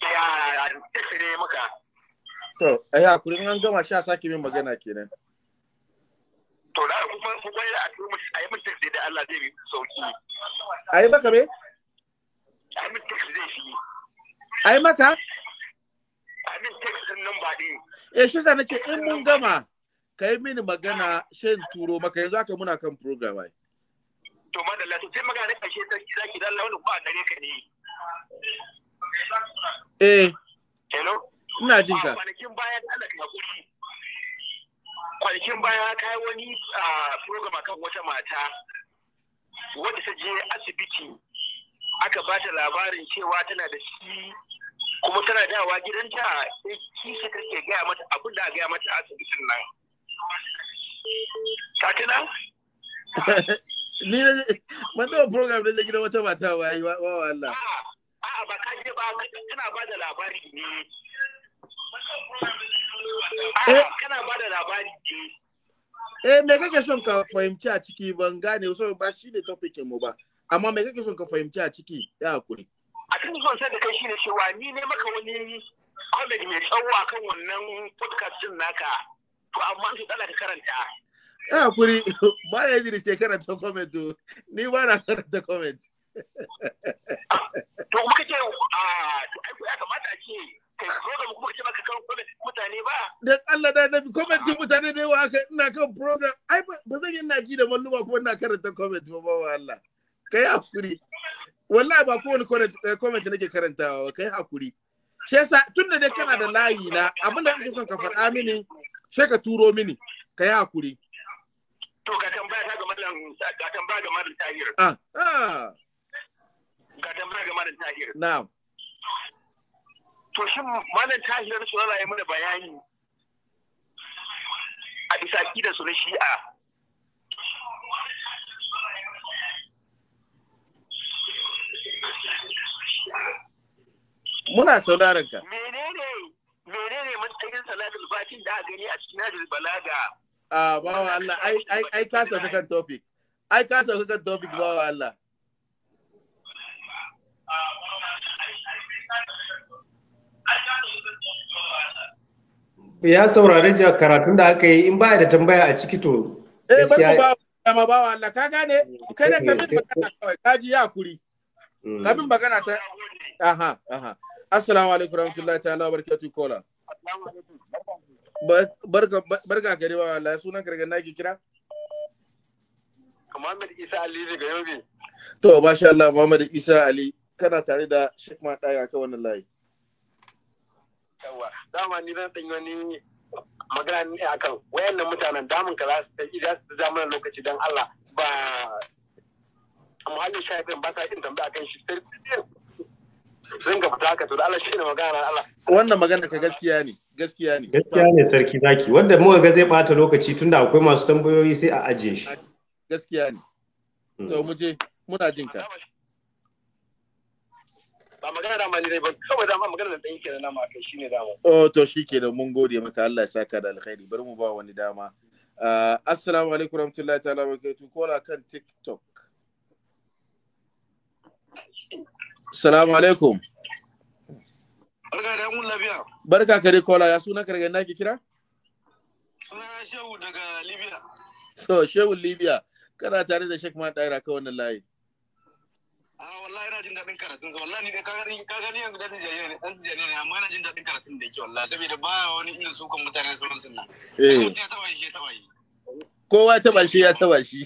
Ya, ne maka. To, ai hakuri an gama sha sake min magana kenan. to da kuma kuma ya a yi mutum sai da Allah zai sauki a yi maka me a yi zai fi a maka a yi mutum nan ba eh shi sa nace in mun gama ka yi mini magana shan turo maka yanzu aka muna kan program ai to madalla to sai zaki kuma a gare ka ne eh ina jin kwanakin baya ka yi wani program akan wata mata wadda ta je asibiti aka ba ta labarin cewa tana da shi kuma tana dawa gidanta sai kishi take gaya mata abin da gaya mata asibitin nan katina ni na ban wa program da gidan wata mata wa yi wa Allah a'a ba ka je ba kana ba da labari ne Eh. kana ba da labari eh me kake son ka fahimci a ciki ban gane so ba shi ne topikin mu ba amma me kake son ka fahimci a ciki ya hakuri a cikin son sai da kai shi cewa ni ne maka wani college mai tsawo a kan wannan podcast din naka to amma su dala ka karanta ya hakuri ba da yadda ce karanta comment ni ba na karanta comment to muka ce a ah, to ai ya kamata a ce ka zo da kuma ce maka kan mutane ba da Allah da nabi comment din mutane da yawa haka ina kan program ai ba zan yi naji da malluma kuma ina karanta comment ba ba Allah kai hakuri wallahi ba kowane eh, comment nake karantawa ba kai hakuri shi yasa tunda dai kana da layi na abin da kake son ka faɗa mini sai ka turo mini kai hakuri to ka tambaya ta ga mallam ka tambaya ga mallam tahir ah ah ka tambaya ga mallam tahir na'am to shin malam tahiyar su ya mana bayani a bisa aƙidar su na shi'a muna sauraron ka menene menene matsayin salatul batin da gani a cikin hadis balaga a ah, bawa Allah ai ai ai ka sauka kan topic ai ka sauka kan topic bawa Allah ah, ya saurari karatun da aka yi in baya da tambaya a ciki to eh barku ba dama ba wa Allah ka gane kai ne ka bin eh, eh, magana kawai ka ji ya kuri mm. ka bin magana ta aha aha assalamu alaikum warahmatullahi ta'ala wa barakatuh kola barka barka gari ba Allah sunan gargan naki kira Muhammad Isa Ali daga Yobe to masha Allah Muhammad Isa Ali kana tare da Sheikh Mata ya ka wannan layi yawa dama ni zan sanya wani magana ne akan wayannan mutanen damun ka za su ta idan ja mana lokaci don Allah ba muhallin shafin ba sa yin tambaya kan shi sai ringa fita haka to da Allah shi ne magana Allah wannan magana ka gaskiya ne gaskiya ne gaskiya ne sarki zaki wanda muka ga zai bata lokaci tunda akwai masu tambayoyi sai a ajiye shi gaskiya ne hmm. to mu je muna jin ka ba magana da mali ne ba kawai dama magana da tsayi kenan na ma kai shine dama oh to shikenan mun gode maka Allah ya saka da alkhairi bari mu ba wani dama uh, assalamu alaikum warahmatullahi ta'ala barakatuh kola kan tiktok assalamu alaikum barka da mun lafiya barka ka dai kola ya suna karga na ki kira sunana shehu daga libya so shehu libya kana tare da shek ma daira ka wannan layi karatun sa wallahi ni da kaga ni kaga ni yanzu da tijani ne dan tijani ne amma na jin daɗin karatun da yake wallahi saboda ba wani irin su kan mutane su sauran sunna eh mutum ta bashi ta bashi taba shi kowa taba shi ya ta bashi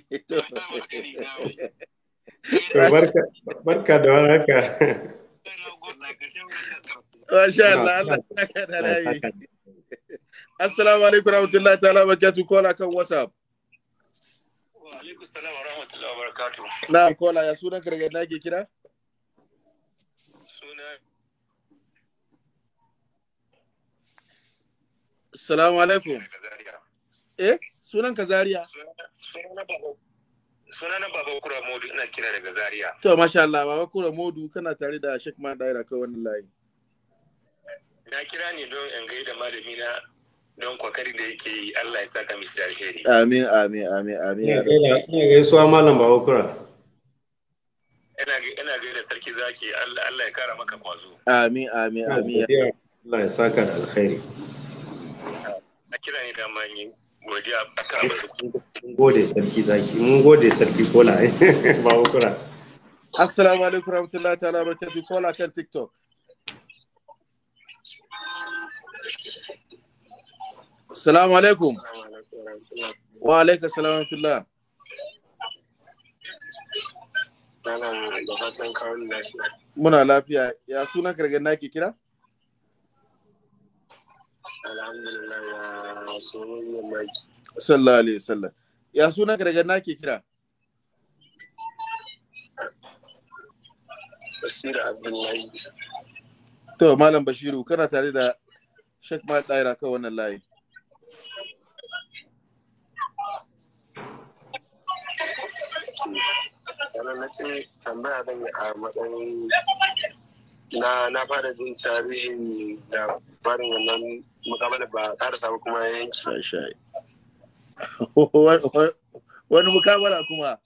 barka barka da haka Masha Allah, Allah ya kada rayu. Assalamu alaikum rahmatullahi ta'ala wa barakatu kola kan WhatsApp. Wa alaikum salam wa barakatu. Na kola ya sunan ka daga nake kira? Salamu alaikum. Eh, sunan ka Zaria. Sunana Baba Kura Modu ina kira daga Zaria. To, masha Allah, Baba Kura Modu kana tare da Sheikh ma Daira kai wannan layi. Na kira ne don in gaida malami na don kokari da yake yi Allah ya saka mishi alheri. Amin, amin, amin, amin. Ina gaisuwa malam Baba Kura. Ina gaida sarki zaki Allah ya kara maka kwazo. Amin, amin, amin. Allah ya saka da alheri. a kira ne da mani godiya a kan gode sarki zaki mun gode sarki kola ba kura assalamu alaikum rahmatullahi ta'ala barakatuh kola kan tiktok assalamu alaikum wa alaikum assalamu alaikum Muna lafiya, ya suna gargar naki kira? Alhamdulillah ya soyayya maki. Sallallahu alaihi wasallam. Ya suna ka daga na ke kira? Bashir Abdullahi. To Malam Bashiru kana tare da Sheikh Mal Daira kan wannan layi. Wannan na ce tambaya dan a matsayin na na fara jin tarihin labarin wannan mukabalar ba karasa ba kuma yanki wani mukamala kuma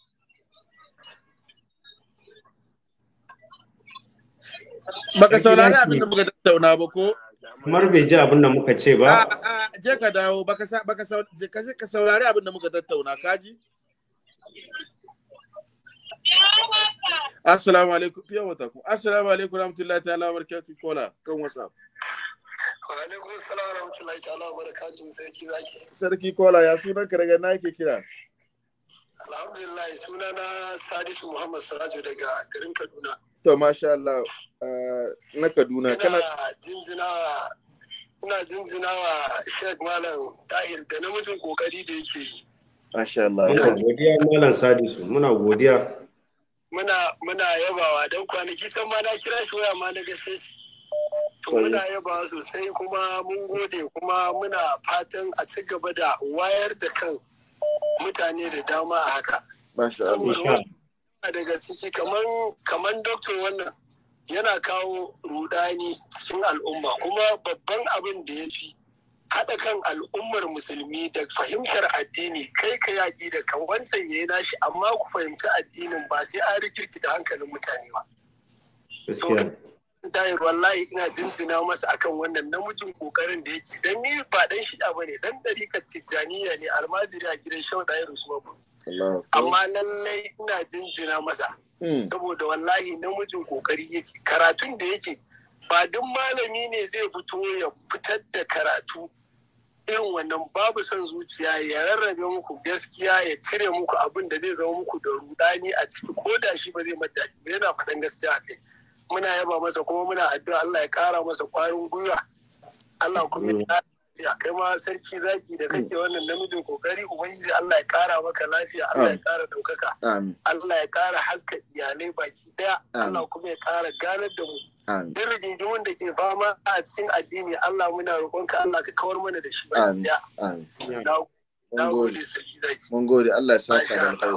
baka saurari abin da muka tattauna ba ko kamar bai ji abin da muka ce ba je ka dawo baka ka saurari abin da muka tattauna kaji assalamu alaikum fiye wata ku assalamu alaikum rahmatullahi ta'ala barkatu kola kan whatsapp Alaikum salam rahmatullahi ta'ala wa sarki zaki. Sarki kola ya suna ka daga na yake kira. Alhamdulillah suna na Sadisu Muhammad Sarajo daga garin Kaduna. To masha Allah ah, na Kaduna kana jinjina ina jinjina wa Sheikh Malam Tahir da namijin kokari da yake yi. Masha Allah. Muna godiya Malam Sadisu muna godiya. Muna muna yabawa don kwanaki san ma na kira shi waya ma na gaske Muna yaba sosai kuma mun gode kuma muna fatan a ci gaba da wayar da kan mutane da dama a haka. daga ciki kamar doktor wannan yana kawo rudani cikin al'umma kuma babban abin da ya fi haɗa kan al'ummar musulmi da fahimtar addini kai ka yaƙi da kan wancan ya yi nashi amma ku fahimci addinin ba sai an da hankalin mutane ba. tayar wallahi ina jinjina masa akan wannan namijin kokarin da yake dan ni ba dan shida bane dan dariƙar tijjaniya ne almajiri a gidan shau da yaro su amma lallai ina jinjina masa hmm. saboda wallahi namijin kokari yake karatun da yake ba duk malami ne zai fito ya fitar da karatu irin wannan babu son zuciya ya rarrabe muku gaskiya ya cire muku abin da zai zama muku da rudani a ciki ko da shi ba zai madadi yana faɗan gaskiya a kai muna yaba masa kuma muna addu'a Allah ya kara masa kwarin gwiwa Allah kuma ya kai ma sarki zaki da kake wannan namijin kokari ubangiji Allah ya kara maka lafiya Allah ya kara daukaka Allah ya kara haska iyalai baki daya Allah kuma ya kara ganar da mu duk rigingimin da ke fama a cikin addini Allah muna roƙonka Allah ka kawar mana da shi baki daya Mongoli. gode Allah ya saka da kai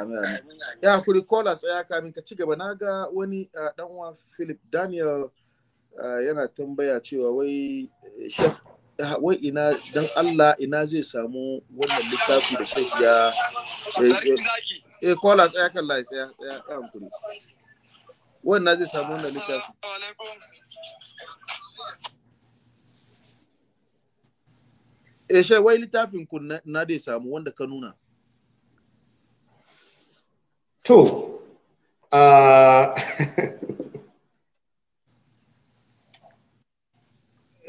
amin ya kuri kola tsaya kamin ka ci gaba na ga wani dan uwa Philip Daniel yana tambaya cewa wai chef eh, wai ina dan Allah ina zai samu wannan littafi da shek ya eh kola tsaya kan lai tsaya tsaya kan kuri wannan zai samu wannan littafi eshe eh, wai littafin ku na dai samu wanda ka nuna to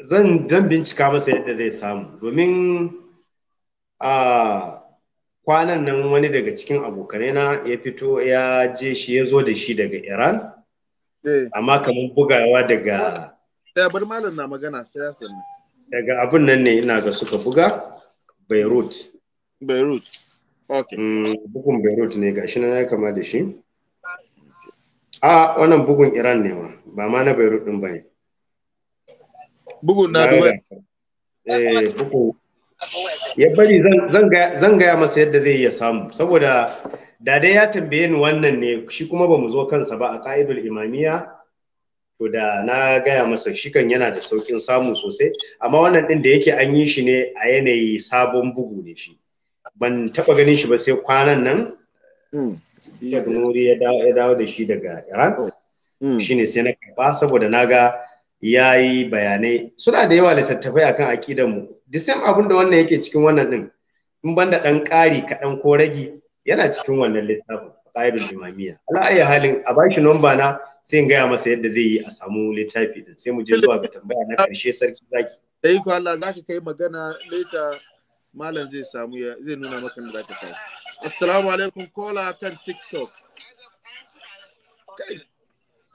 zan dan bincika masa yadda zai samu domin kwanan nan wani daga cikin abokanai na ya fito ya je shi ya zo da shi daga iran eh. amma kamar bugawa daga bar malam na magana sai ya daga abin nan ne ina ga suka buga beirut beirut ok mm, bugun beirut ne ga shi na ya kama da shi a wannan bugun iran ne ma ba ma na beirut din ba ne bugun na dubai eh bugun ya bari zan gaya masa yadda zai iya samu saboda da dai ya tambaye ni wannan ne shi kuma ba mu zo kansa ba a ka'idul imamiya to da na gaya masa shikan yana da saukin samu sosai amma wannan din da yake an yi shi ne a yanayi sabon bugu ne shi ban taba ganin shi ba sai kwanan nan hmm. Sheikh Nuri ya dawo da shi daga Iran oh. hmm. ne sai na karba saboda na ga ya yi bayanai suna da yawa littattafai akan akidar mu the same abin da wannan yake cikin wannan din in banda ɗan ƙari kaɗan ko ragi yana cikin wannan littafin ƙa'idul imamiyya ala ayi halin a bashi nomba na sai in gaya masa yadda zai yi a samu littafi din sai mu je zuwa ga tambaya na karshe sarki zaki da eh, iko Allah zaka kai magana later malam zai samu ya zai nuna maka da zaka kai assalamu alaikum kola kan tiktok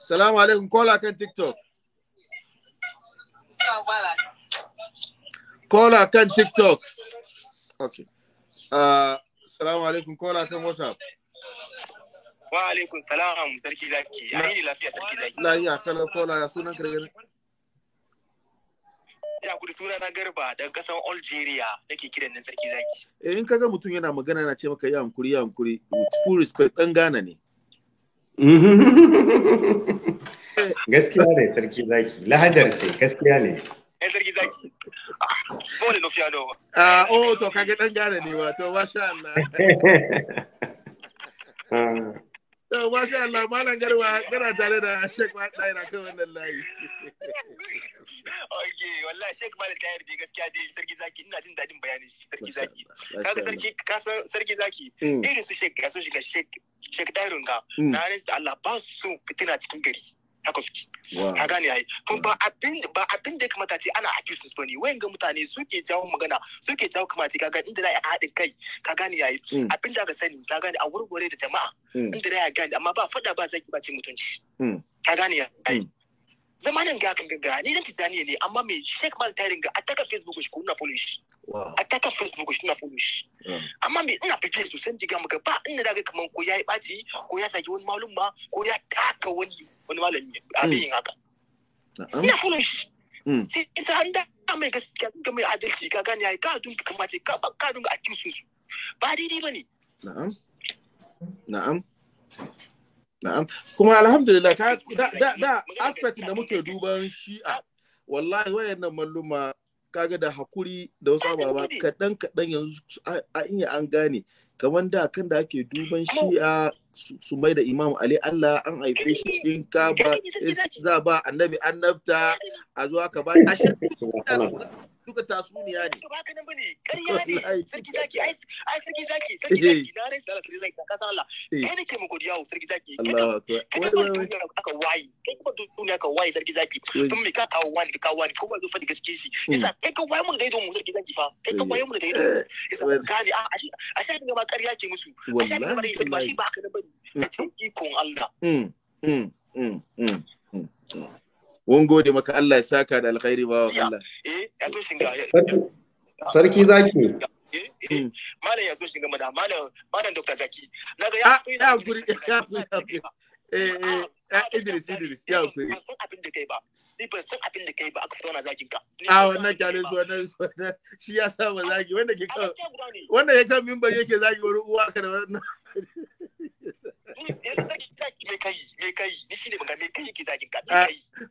assalamu alaikum kola kan tiktok kola kan tiktok okay uh, assalamu alaikum kola kan whatsapp wa alaikum salam sarki zaki ai lafiya sarki zaki lafiya kana ko la sunan kirgir ya kudi suna na garba daga kasan algeria nake kiran nan sarki zaki eh in kaga mutum yana magana yana ce maka ya hankuri ya hankuri with full respect dan gana ne gaskiya ne sarki zaki lahajar ce gaskiya ne eh sarki zaki bole ah, no fiano ah oh to kage dan gana ne wato masha Allah ah. To masha Allah malam garba kana tare da Sheikh Malam Tahir akan wannan layi. Okay, wallahi Sheikh Malam dai gaskiya dai sarki zaki ina jin bayanin shi sarki zaki. Kaga sarki ka san sarki zaki mm. irin su Sheikh ga su shiga Sheikh Sheikh Tahir ga mm. na rinsa Allah ba su fitina cikin gari. haka suke ka gane yayi kuma ba abin ba abin da kamata ce ana accuse su ne wayan ga mutane suke jawo magana suke jawo kamata ce kaga inda za a haɗin kai ka gane yayi mm. abin da ka sani ka gane a wurgure da jama'a mm. inda za a gane amma ba faɗa ba zaki ba ce mutunci mm. ka gane yayi zamanin ga kan gaggawa ni dan tijaniya ne amma mai shek Mal Tarin ga attaka Facebook shi kuna follow shi attaka Facebook shi kuna follow shi amma mai ina fice su san diga maka ba inda daga kaman ko yayi ɓaci, ko ya saki wani malum ma ko ya taka wani wani malami hmm. abin yin haka ina follow shi hmm. sai isa an da mai gaskiya ga mai adalci ka gane ai ka kamar kamace ka ka dun a cikin su ba daidai bane na'am na'am na'am kuma alhamdulillah ka da da aspect da muke duban shi'a wallahi wayannan malluma kaga da hakuri da wasu ababa kaɗan kaɗan yanzu a yi an gane kamar da kan da ake duban shi'a su mai da imam ali allah an haife shi cikin kaba za ba annabi annabta a zuwa ka ba duka tasuniya ne. Ba kanan ke musu. ikon Allah. Hmm. Hmm. Hmm. won gode maka Allah ya saka da alkhairi ba Allah eh, sarki zaki eh, eh. Hmm. malam ya zo shiga mada malam malam dr zaki naga ya ah, ya guri ya guri eh eh ah, Idris Idris ya Ba san abin da kai ba ni ban san abin da kai ba aka zauna zagin ka a ah, wannan kyale su wannan shi ya sa ba zaki wanda ke kan wanda ya kan mimbar yake zaki wani uwa ka da wannan Eh,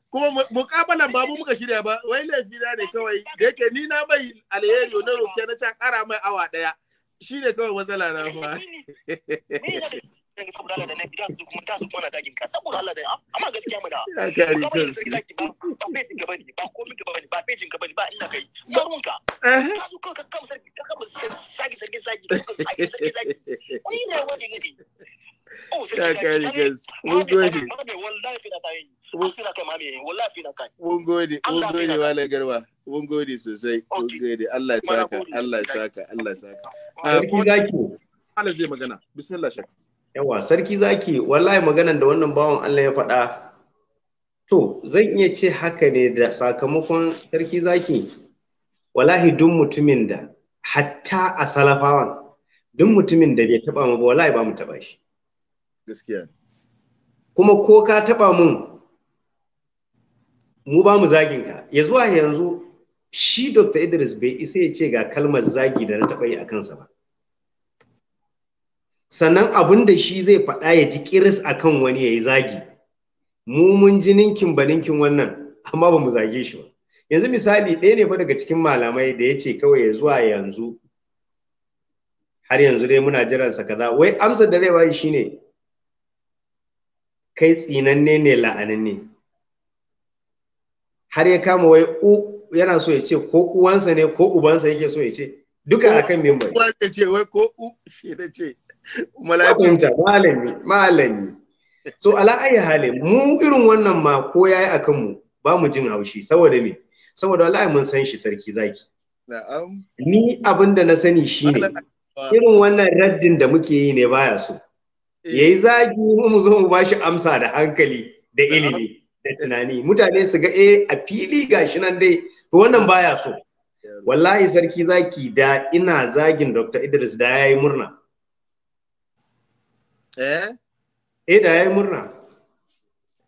kuma mukabalan babu mu muka shirya ba wai laifi na ne kawai da yake ni na mai alheri na roke na ca kara mai awa ɗaya shi ne kawai matsala na ba da saboda Allah da su kuma su zagin ka Allah da amma gaskiya ba ba kai Allah zai magana. Bismillah shakka. yawa sarki zaki wallahi maganan da wannan bawan Allah ya faɗa to zan iya ce haka ne da sakamakon sarki zaki wallahi duk mutumin da hatta a salafawan duk mutumin da bai taba mu ba wallahi ba mu taba shi gaskiya kuma ko ka taba mun mu ba mu zagin ka ya zuwa yanzu shi Dr. Idris bai isa ya ce ga kalmar zagi da na taba yi a kansa ba sannan abin da shi zai faɗa ya ji kiris a kan wani ya yi zagi mu mun ji ninkin ba ninkin wannan amma ba mu zage shi ba yanzu misali ɗaya ne fa daga cikin malamai da ya ce kawai ya zuwa yanzu har yanzu dai muna jiransa kaza wai amsar da zai bayi shine kai tsinanne ne la'ananne har ya kama wai u yana so ya ce ko uwansa ne ko ubansa yake so ya ce duka akan member ya ce wai ko u shi da ce mala'ikunta malami malami so ala ayi hali mu irin wannan ma ko yayi akan mu ba mu jin haushi saboda me saboda wallahi mun san shi sarki zaki ni abin da na sani shine irin wannan raddin da muke yi ne baya so eh. yayi zagi mu zo mu bashi amsa da hankali da ilimi da tunani mutane su ga eh a fili gashi nan dai to wannan baya so wallahi sarki zaki da ina zagin Dr. Idris da ya yi murna eh eh da yayi murna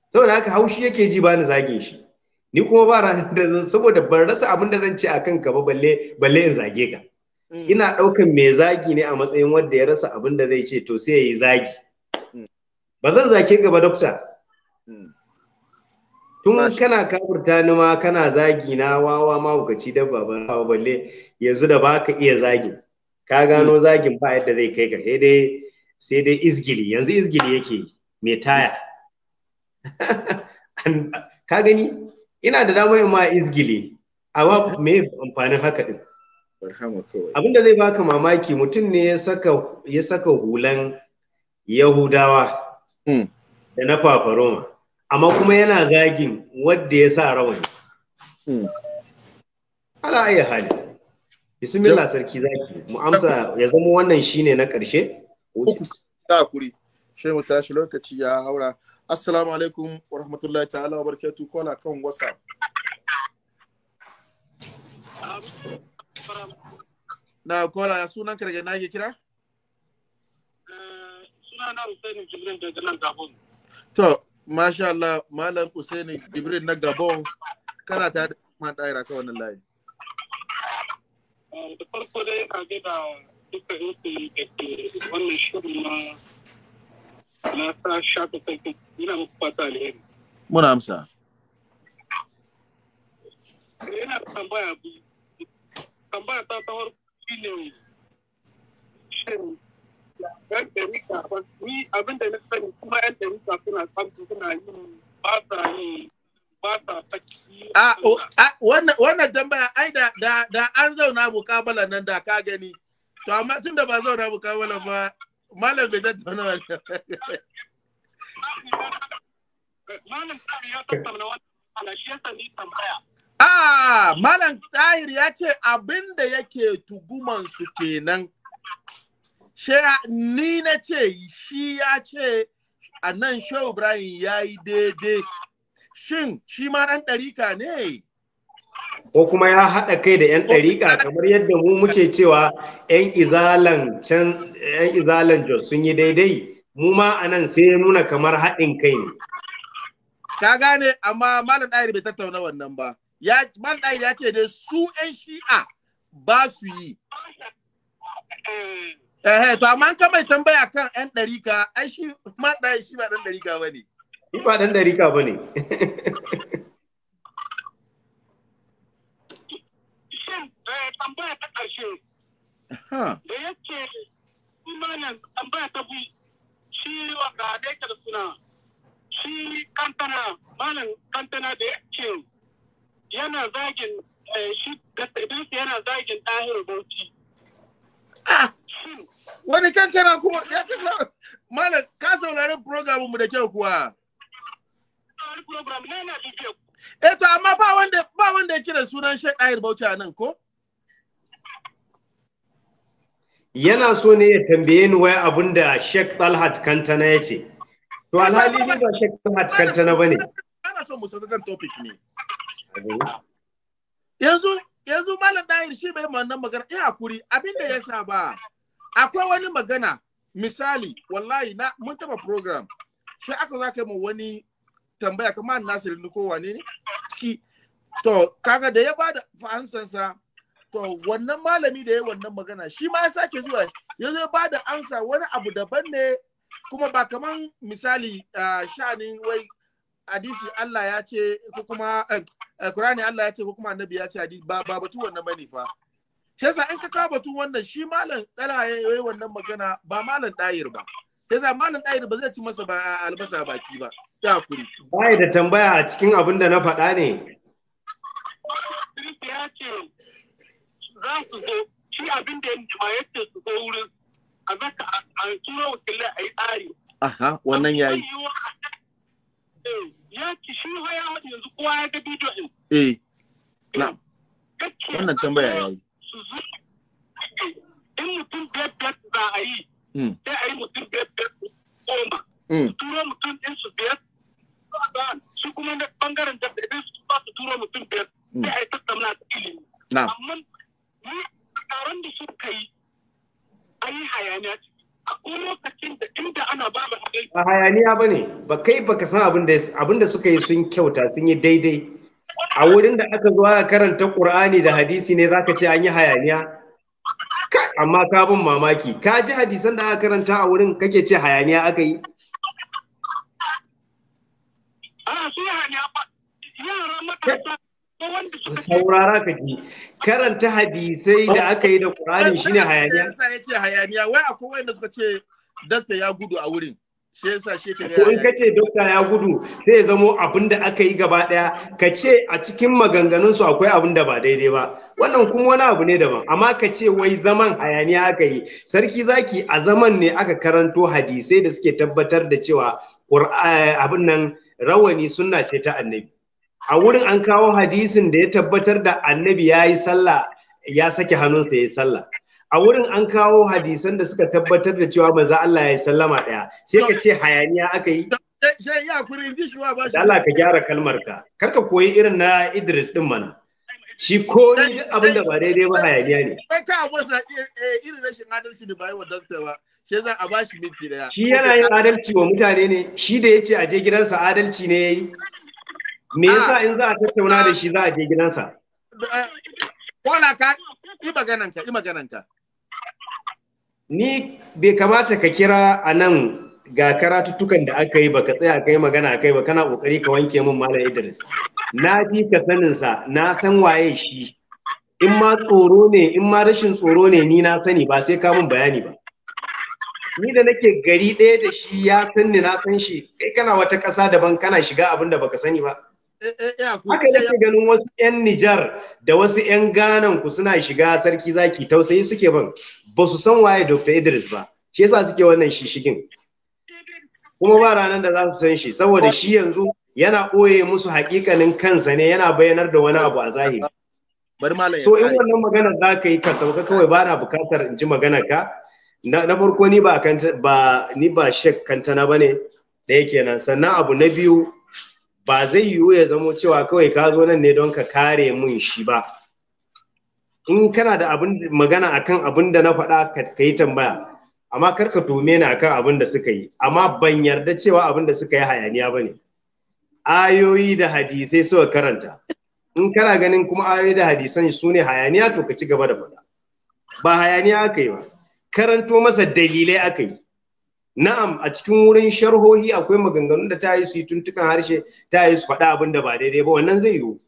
saboda haka haushi yake ji bani zagin shi ni kuma ba ranar da saboda ban rasa abin da zan ce a kanka ba balle balle in zage ka mm. ina ɗaukan mai zagi ne a matsayin wanda ya rasa abin da zai ce to sai yayi zagi mm. ba zan zake ka ba dokta mm. tun kana kafurta ni ma kana zagi na wawa mahaukaci dabba ban ba balle yanzu da baka iya zagin ka gano zagin ba yadda zai kai ka sai dai sai dai izgili yanzu izgili yake mai taya ka gani ina da damar ma izgili Awa, me amfanin haka din abin da zai baka mamaki mutum ne ya saka hulan yahudawa hmm. da na fafaroma amma kuma yana zagin wadda ya sa rawani hmm. ala hali bismillah sarki zaki mu amsa ya zama wannan shine na ƙarshe uku ta kuri shi mu tashi lokaci ya haura assalamu alaikum wa rahmatullahi ta'ala wa barakatu kola kan whatsapp na kola ya sunan ka daga na kira eh, sunana Usaini Jibrin daga nan Gabon to masha Allah malam Usaini Jibrin na Gabon kana ta da man daira ka wannan layi eh, da farko dai ina ga duka rufe da ke wannan shirin na na sa shafa sarki yana muku fata alheri. Muna amsa. Yana tambaya bi tambaya ta tawar shi ne shin yan ɗari kafin ni abin da na sani kuma yan ɗari kafin samu suna yin ba sa yin ah, oh, ah, wannan tambaya ai da an zauna mukabala nan da ka gani To amma tun da ba zauna mukawala ba, malam bai tattauna wani. Malam Tahir ya tattauna wani shi tambaya. Ah, Malam Tahir ya ce abin da yake tuguman su kenan. She ni na ce shi ya ce a nan Shehu Ibrahim ya yi daidai. Shin shi ma ɗan ɗarika ne? ko kuma ya haɗa kai da 'yan ɗariƙa kamar yadda mu muke cewa 'yan izalan can 'yan izalan jos sun yi daidai mu ma a nan sai ya nuna kamar haɗin kai ne ka gane amma malam ɗahir bai tattauna wannan ba ya malam ɗahir ya ce ne su 'yan shi'a ba su yi eh to amma ka mai tambaya kan 'yan ɗariƙa ai shi malam ɗahir shi ba ɗan ɗariƙa ba ne shi ba ɗan ɗariƙa ba ne eh tambaya ta ƙarshe da yake imanin tambaya ta bi shi wa ga daikar suna shi kantana malam kantana da yake yana zagin eh, shi da yana zagin ɗahir bauchi ah! wani kankana kuma ya fi malam ka saurari program mu da kyau kuwa program na na bibiya eh to amma ba wanda ya kira sunan Sheikh Ayir Bauchi a nan ko yana so ne ya tambaye ni wai abin da Sheikh Talhat Kantana ya ce. To alhali ni ba Sheikh Talhat Kantana ba ne. Ana so mu saka topic ne. Yanzu yanzu Malam Dahir shi bai wannan magana eh hakuri abinda ya sa ba. Akwai wani magana misali wallahi na mun taba program shi aka zaka mu wani tambaya kamar Nasir Nuko wane ne? to kaga da ya bada fa'ansansa to wannan malami da ya wannan magana shi ma ya sake zuwa ya zo ba da ansa wani abu daban ne kuma ba kaman misali sha'anin wai hadisi Allah ya ce ko kuma eh, eh, Qur'ani Allah ya ce ko kuma annabi ya ce hadisi ba ba batu wannan bane fa shi yasa in ka kawo batu wannan shi malam ya yi wannan magana ba malam dair ba shi yasa malam dair ba zai ci masa ba albasa baki ba ta kuri bai da tambaya a cikin abin da na faɗa ne ya ce za su zo shi abin da su zo wurin a zaka tura wakilai a yi tsari. Aha, wannan ya yi. Eh, ya ci shi yanzu kowa ya ga bidiyo ɗin. Eh, eh na. Wannan tambaya ya yi. In mutum biyar biyar za a yi. Hmm. Sai a yi mutum biyar biyar goma. Hmm. Turo mutum ɗin su biyar. Su kuma na ɓangaren da ɗin su ba su turo mutum biyar. Hmm. Sai a yi tattauna ta ilimi. Amma A taron da suka yi an yi hayaniya akwai lokacin da inda ana ba mu ba hayaniya ba ne ba kai ka san abin da suka yi sun kyauta sun yi daidai a wurin da aka zo aka karanta qur'ani da hadisi ne za ka ce an yi hayaniya amma ka bin mamaki ka ji hadisan da aka karanta a wurin kake ce hayaniya aka yi ana su hayaniya ba yara matasa saurara ka ji karanta hadisai da aka yi da Qur'ani shine hayaniya yasa yake hayaniya wai akwai wanda suka ce dakta ya gudu a wurin shi yasa shi ke kace dokta ya gudu sai ya zamo abin da aka yi gaba daya ka ce a cikin maganganun su akwai abin da ba daidai ba wannan kuma wani abu ne daban amma ka ce wai zaman hayaniya aka yi sarki zaki a zaman ne aka karanto hadisai da suke tabbatar da cewa abin nan rawani sunna ce ta annabi a wurin an kawo hadisin da ya tabbatar da annabi ya yi sallah ya sake hannunsa ya yi sallah a wurin an kawo hadisan da suka tabbatar da cewa maza Allah ya yi sallama daya sai ka ce hayaniya aka yi Da Allah ka gyara kalmar ka karka koyi irin na Idris din mana shi ko ni abin da ba daidai ba hayaniya ne kai ka masa eh, eh, irin rashin adalci wa ba shi za a minti daya shi yana yin adalci wa mutane ne shi da yace a je gidansa adalci ne yayi me ah. yasa in za a tattauna da shi za a je gidansa Kona eh, ka yi magananka yi magananka ni bai kamata ka kira a nan ga karatuttukan da aka yi ba ka tsaya kai magana akai ba kana kokari ka wanke min malam Idris na fi ka sanin sa na san waye shi in ma tsoro ne in ma rashin tsoro ne ni na sani ba sai ka min bayani ba ni da nake gari ɗaya da shi ya san ni na san shi kai kana wata ƙasa daban kana shiga abin da baka sani ba Eh, eh, Haka ganin wasu 'yan Nijar da wasu 'yan Ganan ku suna shiga sarki zaki tausayi suke ban ba su san waye Dr. Idris ba shi yasa suke wannan shishigin kuma ba ranar da za su san shi saboda shi yanzu yana ɓoye musu haƙiƙanin kansa ne yana bayanar da wani abu a zahiri so in wannan magana za ka yi ka sauka kawai ba na bukatar in ji magana ka na farko ni ba ni ba shek kantana ba ne da yake nan sannan abu na biyu ba zai yiwu ya zamo cewa kawai ka zo nan ne don ka kare mun shi ba in kana da abin magana akan abin da na faɗa ka yi tambaya amma kar ka tome ni akan abin da suka yi amma ban yarda cewa abin da suka yi hayaniya ba ayoyi da hadisai suka karanta in kana ganin kuma ayoyi da hadisan su ne hayaniya to ka ci gaba da faɗa ba hayaniya aka yi ba karanto masa dalilai aka yi na'am a cikin wurin sharhohi akwai maganganun da ta yi su yi tuntukan harshe ta yi su faɗa abin da ba daidai ba wannan zai yiwu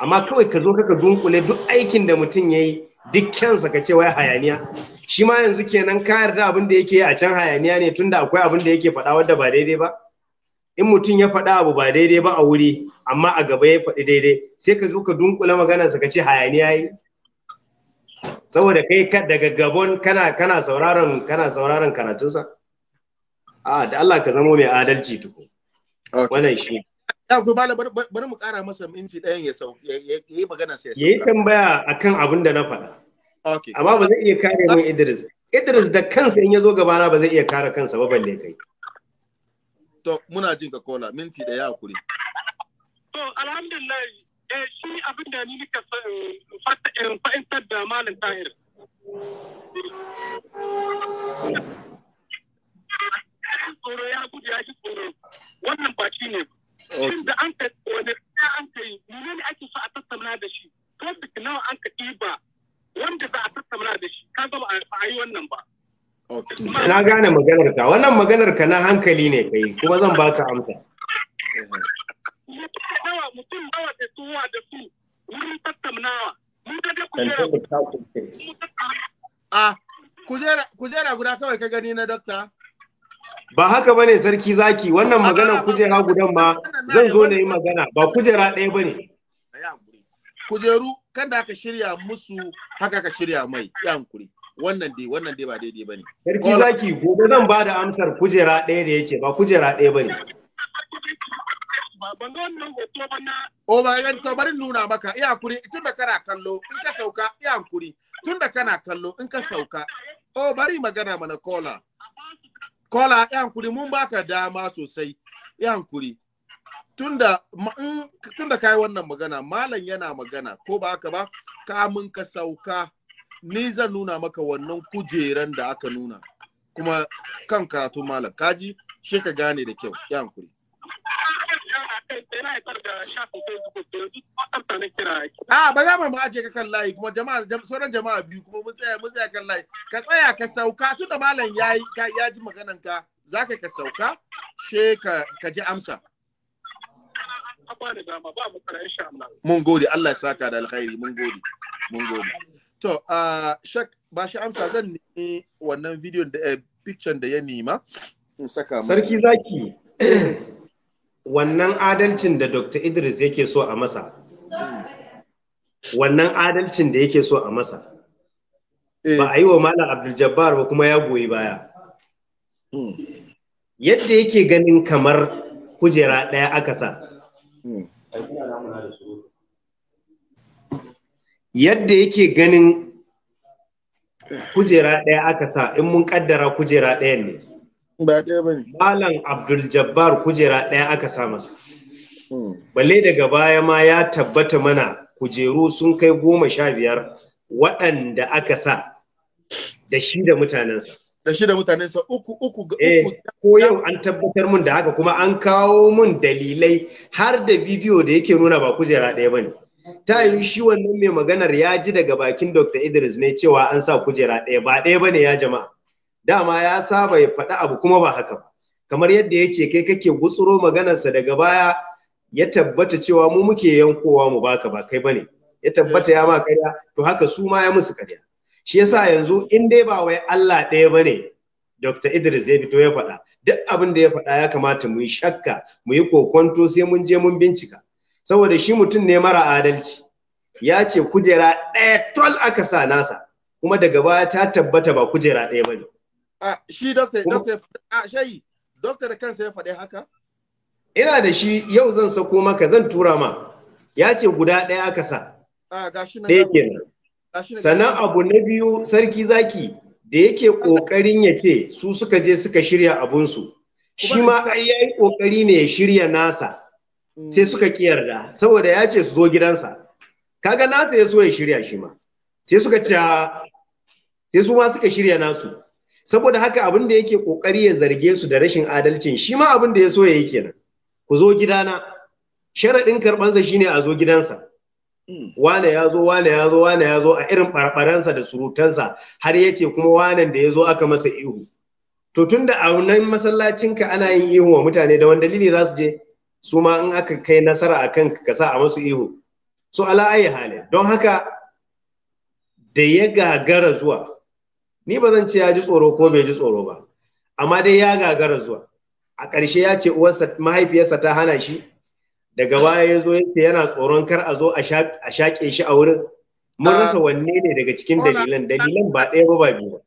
amma kawai ka zo kaka dunkule duk aikin da mutum ya yi duk kyansa ka ce wai hayaniya shi ma yanzu kenan ka yarda abin da yake a can hayaniya ne tunda akwai abin da yake faɗa wanda ba daidai ba in mutum ya faɗa abu ba daidai ba a wuri amma a gaba ya faɗi daidai sai ka zo ka dunkule maganarsa ka ce hayaniya yi saboda kai daga gabon kana kana sauraron kana sauraron karatunsa a da Allah ka zamo mai adalci tuku wannan shi ya ku bala bari mu kara masa minti ɗayan ya sau ya yi magana sai ya yi tambaya akan abin da na faɗa amma ba zai iya kare min Idris Idris da kansa in ya zo na ba zai iya kare kansa ba balle kai to muna jin ka kola minti ɗaya hakuri to alhamdulillah eh shi abin da ni nika fahimtar da malam tahir tsoro ya gudu ya shi tsoro wannan ba shi ne da an ka wani an ka yi nuna ne ake so a tattauna da shi topic nawa an ka ɗiba wanda za a tattauna da shi ka zama a yi wannan ba na gane maganar ka wannan maganar ka na hankali ne kai kuma zan baka amsa eh, eh. mutum nawa mutum nawa da suwa da su wurin tattaunawa mun ga da kujera a kujera kujera guda kawai ka gani na dokta ba haka bane sarki zaki wannan magana kujera gudan ma zan zo na yi magana ba kujera ɗaya ba ne. kujeru kan da aka shirya musu haka ka shirya mai ya hankuri wannan dai wannan dai ba daidai bane sarki zaki gobe zan ba da amsar kujera ɗaya da yace ba kujera ɗaya ba ne. ban ga wannan hoto ba na o ba ga to bari nuna maka iya kuri kana kallo in ka sauka iya kuri kana kallo in ka sauka o oh, bari magana mana kola kola iya kuri mun baka dama sosai iya kuri tunda tunda kai wannan magana malam yana magana ko ba haka ba mun ka sauka ni zan nuna maka wannan kujeran da aka nuna kuma kan karatu malam kaji shi ka gane da kyau ya A ba za mu ma aje ka kan layi kuma jama'a sauran jama'a biyu kuma mun tsaya mun tsaya kan layi. Ka tsaya ka sauka tunda malam yayi ka ya ji maganan ka za ka sauka she ka ka ji amsa. Mun gode Allah ya saka da alkhairi mun gode mun gode. To shak ba shi amsa zan ne wannan bidiyon da eh, picture da ya nima in saka Sarki zaki. wannan adalcin da Dr. Idris yake so a masa wannan adalcin da yake so a masa eh. ba a yi wa Malam Abdul Jabbar ba kuma ya goyi baya hmm. yadda yake ganin kamar kujera ɗaya aka sa hmm. yadda yake ganin kujera ɗaya aka sa in mun kaddara kujera ɗaya ne ba ɗaya ba malam abdul jabbar kujera ɗaya aka sa masa hmm. balle daga baya ma ya tabbata mana kujeru sun kai goma sha biyar waɗanda aka sa da shi da mutanensa da shi da mutanensa uku uku uku eh, ko yau an tabbatar mun da haka kuma an kawo mun dalilai har da bidiyo da yake nuna ba kujera ɗaya ba ne ta yi shi wannan mai maganar ya ji daga bakin dr idris ne cewa an sa kujera ɗaya ba ɗaya ba ne ya jama'a dama ya saba ya faɗi abu kuma ba haka ba kamar yadda ya ce kai kake gutsuro maganarsa daga baya ya tabbata cewa mu muke yankowa mu baka ba kai bane ya tabbata ya ma karya to haka su ma ya musu karya shi yasa yanzu in dai ba wai Allah ɗaya bane Dr. Idris ya fito ya faɗa duk abin da ya faɗa ya kamata mu yi shakka mu yi kokonto sai mun je mun bincika saboda shi mutum ne mara adalci ya ce kujera ɗaya tol aka sa nasa kuma daga baya ta tabbata ba kujera ɗaya bane shi doctor doctor a shayi doctor da kansa ya faɗi haka ina da shi yau zan sako maka zan tura ma ya ce guda ɗaya aka sa ɗaya kenan sannan abu na biyu sarki zaki da yake ƙoƙarin ya ce su suka je suka shirya abunsu shi ma ai ya yi ƙoƙari ne ya shirya nasa mm. sai suka ƙi saboda ya ce su zo gidansa kaga nasa ya so ya shirya shi ma sai suka ce sai su ma suka shirya nasu saboda haka abin da yake kokari ya zarge su da rashin adalcin shi ma abin da ya so yi kenan ku zo gidana sharaɗin karɓansa shine a zo gidansa wane ya zo wane ya zo wane ya zo a irin farfaransa da surutansa har ya ce kuma wanan da ya zo aka masa ihu to tunda da a wannan masallacinka ana yin ihu wa mutane da wani dalili za su je su ma in aka kai nasara a kan ka sa a masu ihu so ala ayi hali don haka da ya gagara zuwa ni ba zan ce ya ji tsoro ko bai ji tsoro ba amma dai ya gagara zuwa a ƙarshe ya ce uwarsa mahaifiyarsa ta hana shi daga baya ya zo yake yana tsoron kar a zo a shaƙe shi a wurin mun rasa ah. wanne ne daga cikin dalilan dalilan ba ɗaya ba ba biyu ba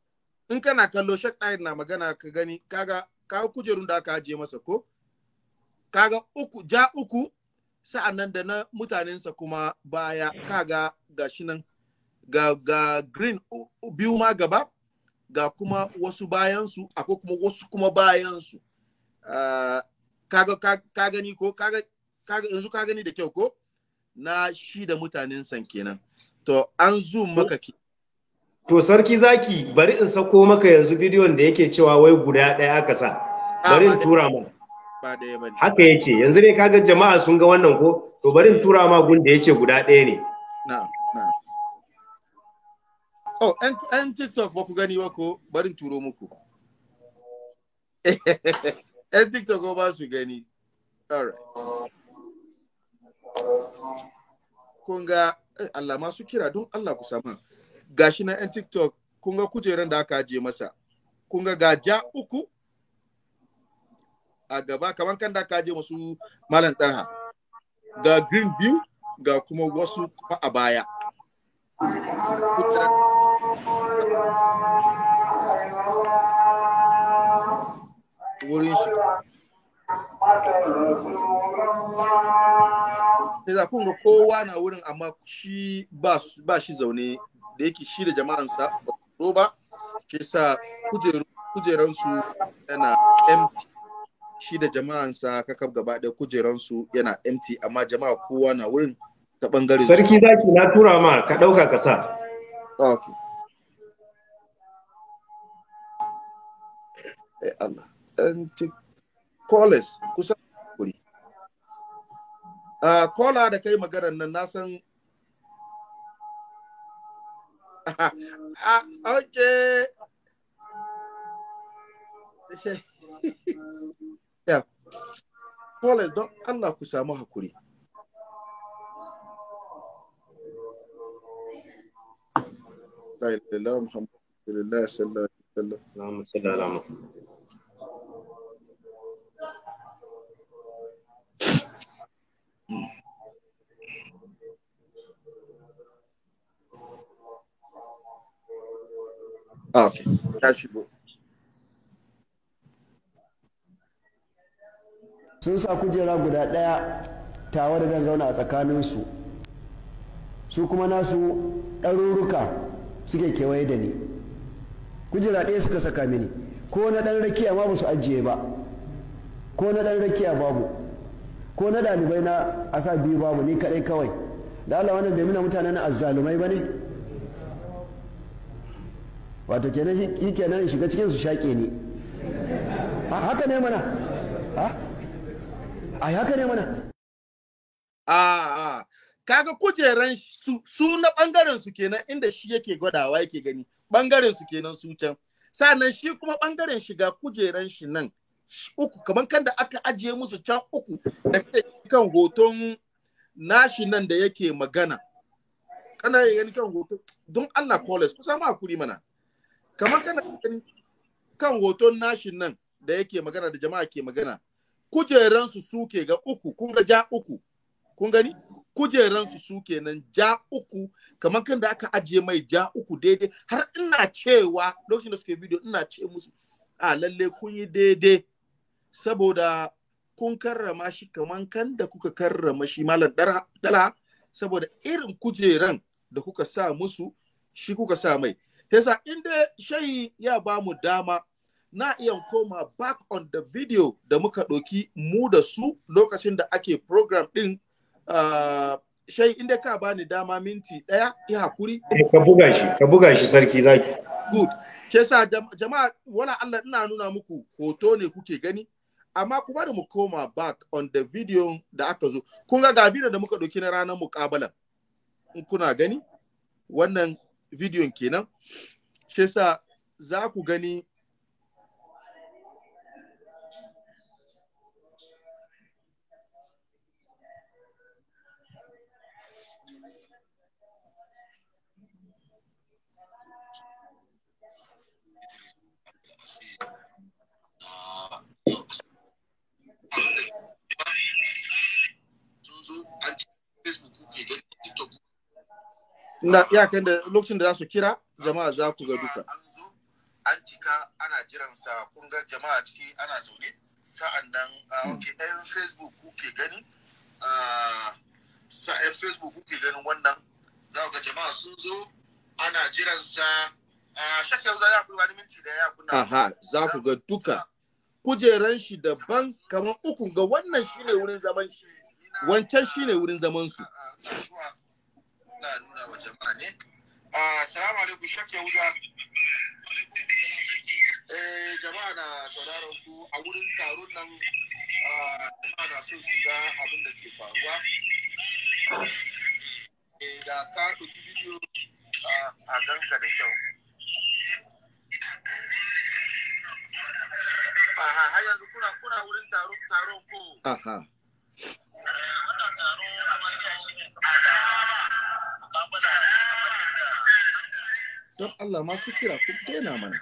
in kana kallo shak ɗayan na magana ka gani kaga ka kujerun da ka je masa ko kaga uku ja uku sa'annan da na mutanensa kuma baya kaga gashi nan ga green biyu ma gaba ga kuma wasu bayansu akwai kuma wasu kuma bayansu ah, kaga ka gani ko yanzu ka gani da kyau ko na shi da mutanen san kenan to an zoom maka ki to sarki zaki bari in sako maka yanzu bidiyon da yake cewa wai guda ɗaya aka sa ah, bari in tura mu haka yace yanzu ne kaga jama'a sun ga wannan ko to bari in eh. tura ma gun da yace guda ɗaya ne na'am Oh, and TikTok ba ku gani ba ko barin turo muku. ‘Yan TikTok ba su gani. Alright. Kun ga eh, Allah masu kira don Allah ku sama. Gashi na ‘yan TikTok kun ga kujeran da aka je masa. Kun ga gaja uku a gaba kamar kan da aka je masu malam ɗanha. Ga green bill ga kuma wasu kuma a baya. wurin ga kowa na wurin amma zaune da yake shi da jama'ansa ba ba shi yana empty shi jama'a kowa na wurin ta bangare sarki zaki na tura ma ka ɗauka ka sa ah, okay. Allah Antipolis kusan kuri kola ah, da kai maganar nan na san ah, okay don Allah ku samu hakuri. La Muhammadu Rasulullah sallallahu alaihi wasallam. sun sa kujera guda ɗaya tawa da zan zauna a tsakaninsu su kuma nasu ɗaruruka suke kewaye da ni kujera ɗaya suka saka mini ko na ɗan rakiya ma ba su ajiye ba ko na ɗan rakiya babu ko na ɗalibai na asa sa biyu babu ni kaɗai kawai da Allah wannan bai nuna mutanen azzalumai ba ne wato kenan shi kenan in shiga cikin su shaƙe ni haka ne mana a haka ne mana a kaga kujeran su na bangaren su kenan inda shi yake gwadawa yake gani bangaren su kenan su can sannan shi kuma bangaren shiga kujeran shi nan uku kamar kan da aka ajiye musu can uku da kan hoton nashi nan da yake magana kana yi kan hoton don Allah koles kusa ma kuri mana kamar kana kan hoton nashin nan da yake magana da jama'a ke magana kujeransu suke ga uku kun ga ja uku kun gani kujeransu su nan ja uku kamar kan da aka ajiye mai ja uku daidai har ina cewa lokacin da suke bidiyo ina ce musu a lalle kun yi daidai saboda kun karrama shi kamar kan da kuka karrama shi malam dala saboda irin kujeran da kuka sa musu shi kuka sa mai Yasa inda shayi ya ba mu dama na iya koma back on the video da muka ɗauki mu da su lokacin da ake program ɗin uh, inda ka bani dama minti ɗaya ya hakuri. Eh, ka buga shi, sarki zaki. Good. Ke sa jama'a wala Allah ina nuna muku hoto ne kuke gani, amma kuma da mu koma back on the video da aka zo. Kun ga ga da muka ɗauki na ranar muƙabalan. In kuna gani, wannan bidiyon kenan shi yasa za ku gani na ya kai da lokacin da za su kira jama'a za ku ga duka an cika ana jiran sa kun ga jama'a ciki ana zaune sa'an nan ah, hmm. ok ɗayan facebook kuke gani ah, sa'an facebook kuke ganin wannan za ku ga jama'a sun zo ana jiran sa ah, shakka za ya wani minti da ya kuna. aha za ku ga duka kujeran shi daban kamar uku ga wannan shine wurin zaman shi wancan shine wurin zaman su za a nuna wa jama'a ne assalamu alaikum shakya wuza eh jama'a na sauraron ku a wurin taron nan jama'a na son su ga abin da ke faruwa eh da ka ɗauki bidiyo a ganka da kyau Aha, har yanzu kuna kuna wurin taron taron ko. Aha. don Allah masu kira ku daina mana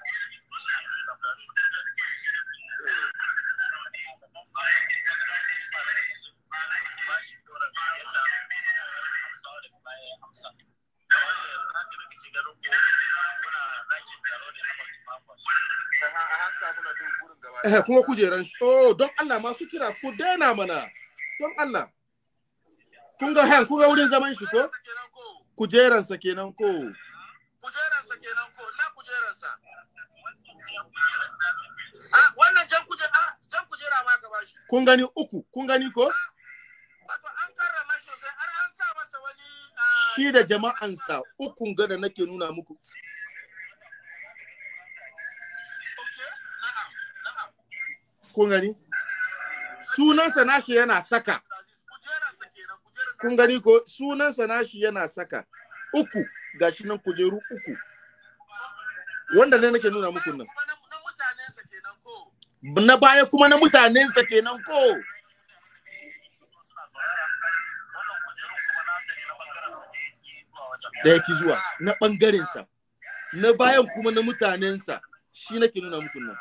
eh kuma kujeran shi oh don Allah masu kira ku daina mana don Allah kun ga han kun ga wurin zaman shi ko kujeransa kenan ko kun gani uku kun gani ko shi sa ah, shi da jama'ansa ukun gada nake nuna muku kun gani sunansa nashi yana saka kun gani ko sunansa nashi yana saka uku gashi nan kujeru uku wanda ne nake nuna muku nan na baya kuma na mutanensa kenan ko da yake zuwa na ɓangarensa na bayan kuma na mutanensa shi nake nuna muku nan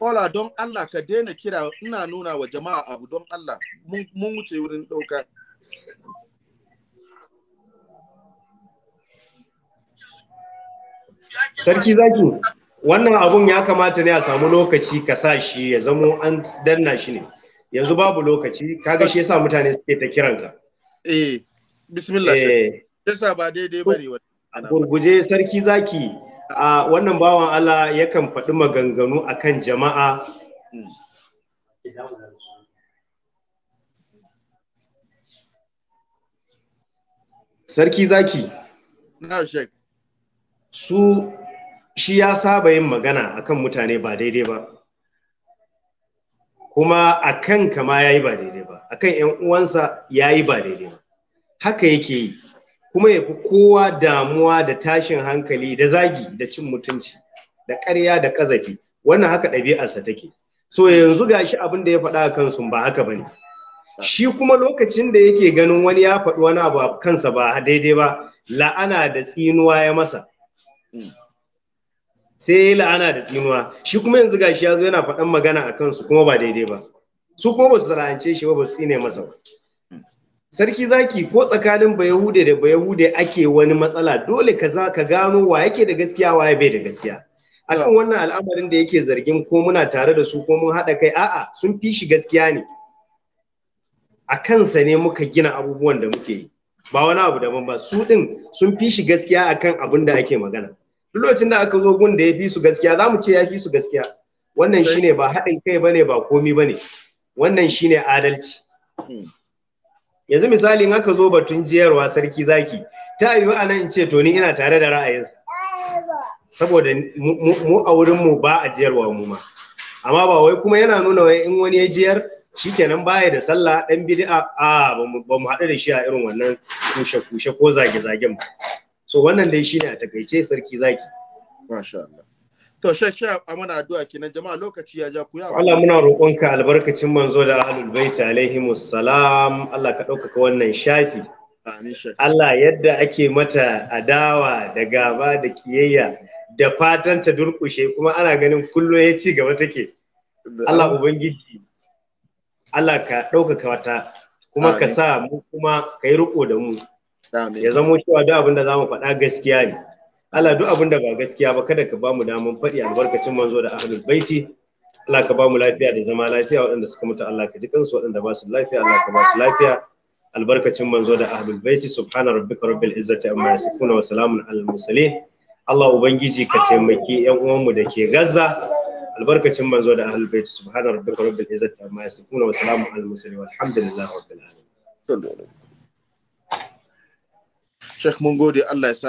Ola don Allah ka daina kira ina nuna wa jama'a abu don Allah mun wuce wurin ɗauka. sarki zaki wannan abun ya kamata ne a samu lokaci ka sa shi ya zamo an danna shi ne yanzu babu lokaci kaga shi yasa mutane suke ta kiranka eh bismillah eh yasa ba daidai bane wannan gurguje sarki zaki a wannan bawan Allah yakan faɗi maganganu akan jama'a sarki zaki na shek su shi ya saba yin magana akan mutane ba daidai ba kuma akan kama ya yi ba daidai ba akan yan uwansa ya yi ba daidai ba haka yake yi kuma ya fi kowa damuwa da tashin hankali da zagi da cin mutunci da ƙarya da ƙazafi wannan haka ɗabi'arsa take so yanzu ga shi abin da ya faɗa a kansu ba haka ba ne shi kuma lokacin da yake ganin wani ya faɗi wani abu a kansa ba daidai ba la'ana da tsinuwa ya masa sai ya la'ana da tsinuwa shi kuma yanzu gashi ya zo yana faɗan magana a kansu kuma ba daidai ba su kuma ba su shi ba ba su tsine masa ba sarki zaki ko tsakanin bayahude da bayahude ake wani matsala dole ka za ka gano wa yake da gaskiya wa ya bai da gaskiya akan wannan al'amarin da yake zargin ko muna tare da su ko mun haɗa kai a'a sun fi shi gaskiya ne a kansa ne muka gina abubuwan da muke yi ba wani abu daban ba su ɗin sun fi shi gaskiya akan abin da ake magana duk lokacin da aka zo gun da ya fi su gaskiya za mu ce ya fi su gaskiya wannan shine ba haɗin kai bane ba komi bane wannan shine adalci hmm. yanzu misali in aka zo batun jiyarwa sarki zaki ta yiwu a nan in ce to ni ina tare da ra'ayinsa saboda mu a wurin mu ba a jiyarwa mu ma amma ba wai kuma yana nuna wai in wani ya jiyar shikenan baya da sallah dan bid'a a ba mu haɗu da shi a irin wannan kushe kushe ko zage zagen ba so wannan dai shine a takaice sarki zaki masha Allah to shek sha amana addu'a kenan jama'a lokaci ya ja ku ya Allah muna roƙonka albarkacin manzo da ahlul bait alaihimus salam Allah ka ɗaukaka wannan shafi Allah yadda ake mata adawa da gaba da kiyayya da fatan ta durƙushe kuma ana ganin kullo ya ci gaba take Allah ubangiji Allah ka ɗaukaka wata kuma ka sa mu kuma ka yi riƙo da mu ya zama cewa duk abin da za mu faɗa gaskiya ne Allah duk abin da ba gaskiya ba kada ka ba mu daman faɗi albarkacin manzo da ahlul baiti Allah ka ba mu lafiya da zama lafiya waɗanda suka mutu Allah ka ji kansu waɗanda ba su lafiya Allah ka ba su lafiya albarkacin manzo da ahlul baiti subhana rabbika rabbil izzati amma yasifuna wa salamun alal mursalin Allah ubangiji ka taimaki yan uwanmu da ke Gaza albarkacin manzo da ahlul baiti subhana rabbika rabbil izzati amma yasifuna wa salamun alal mursalin walhamdulillahi rabbil alamin Sheikh mun gode Allah ya sa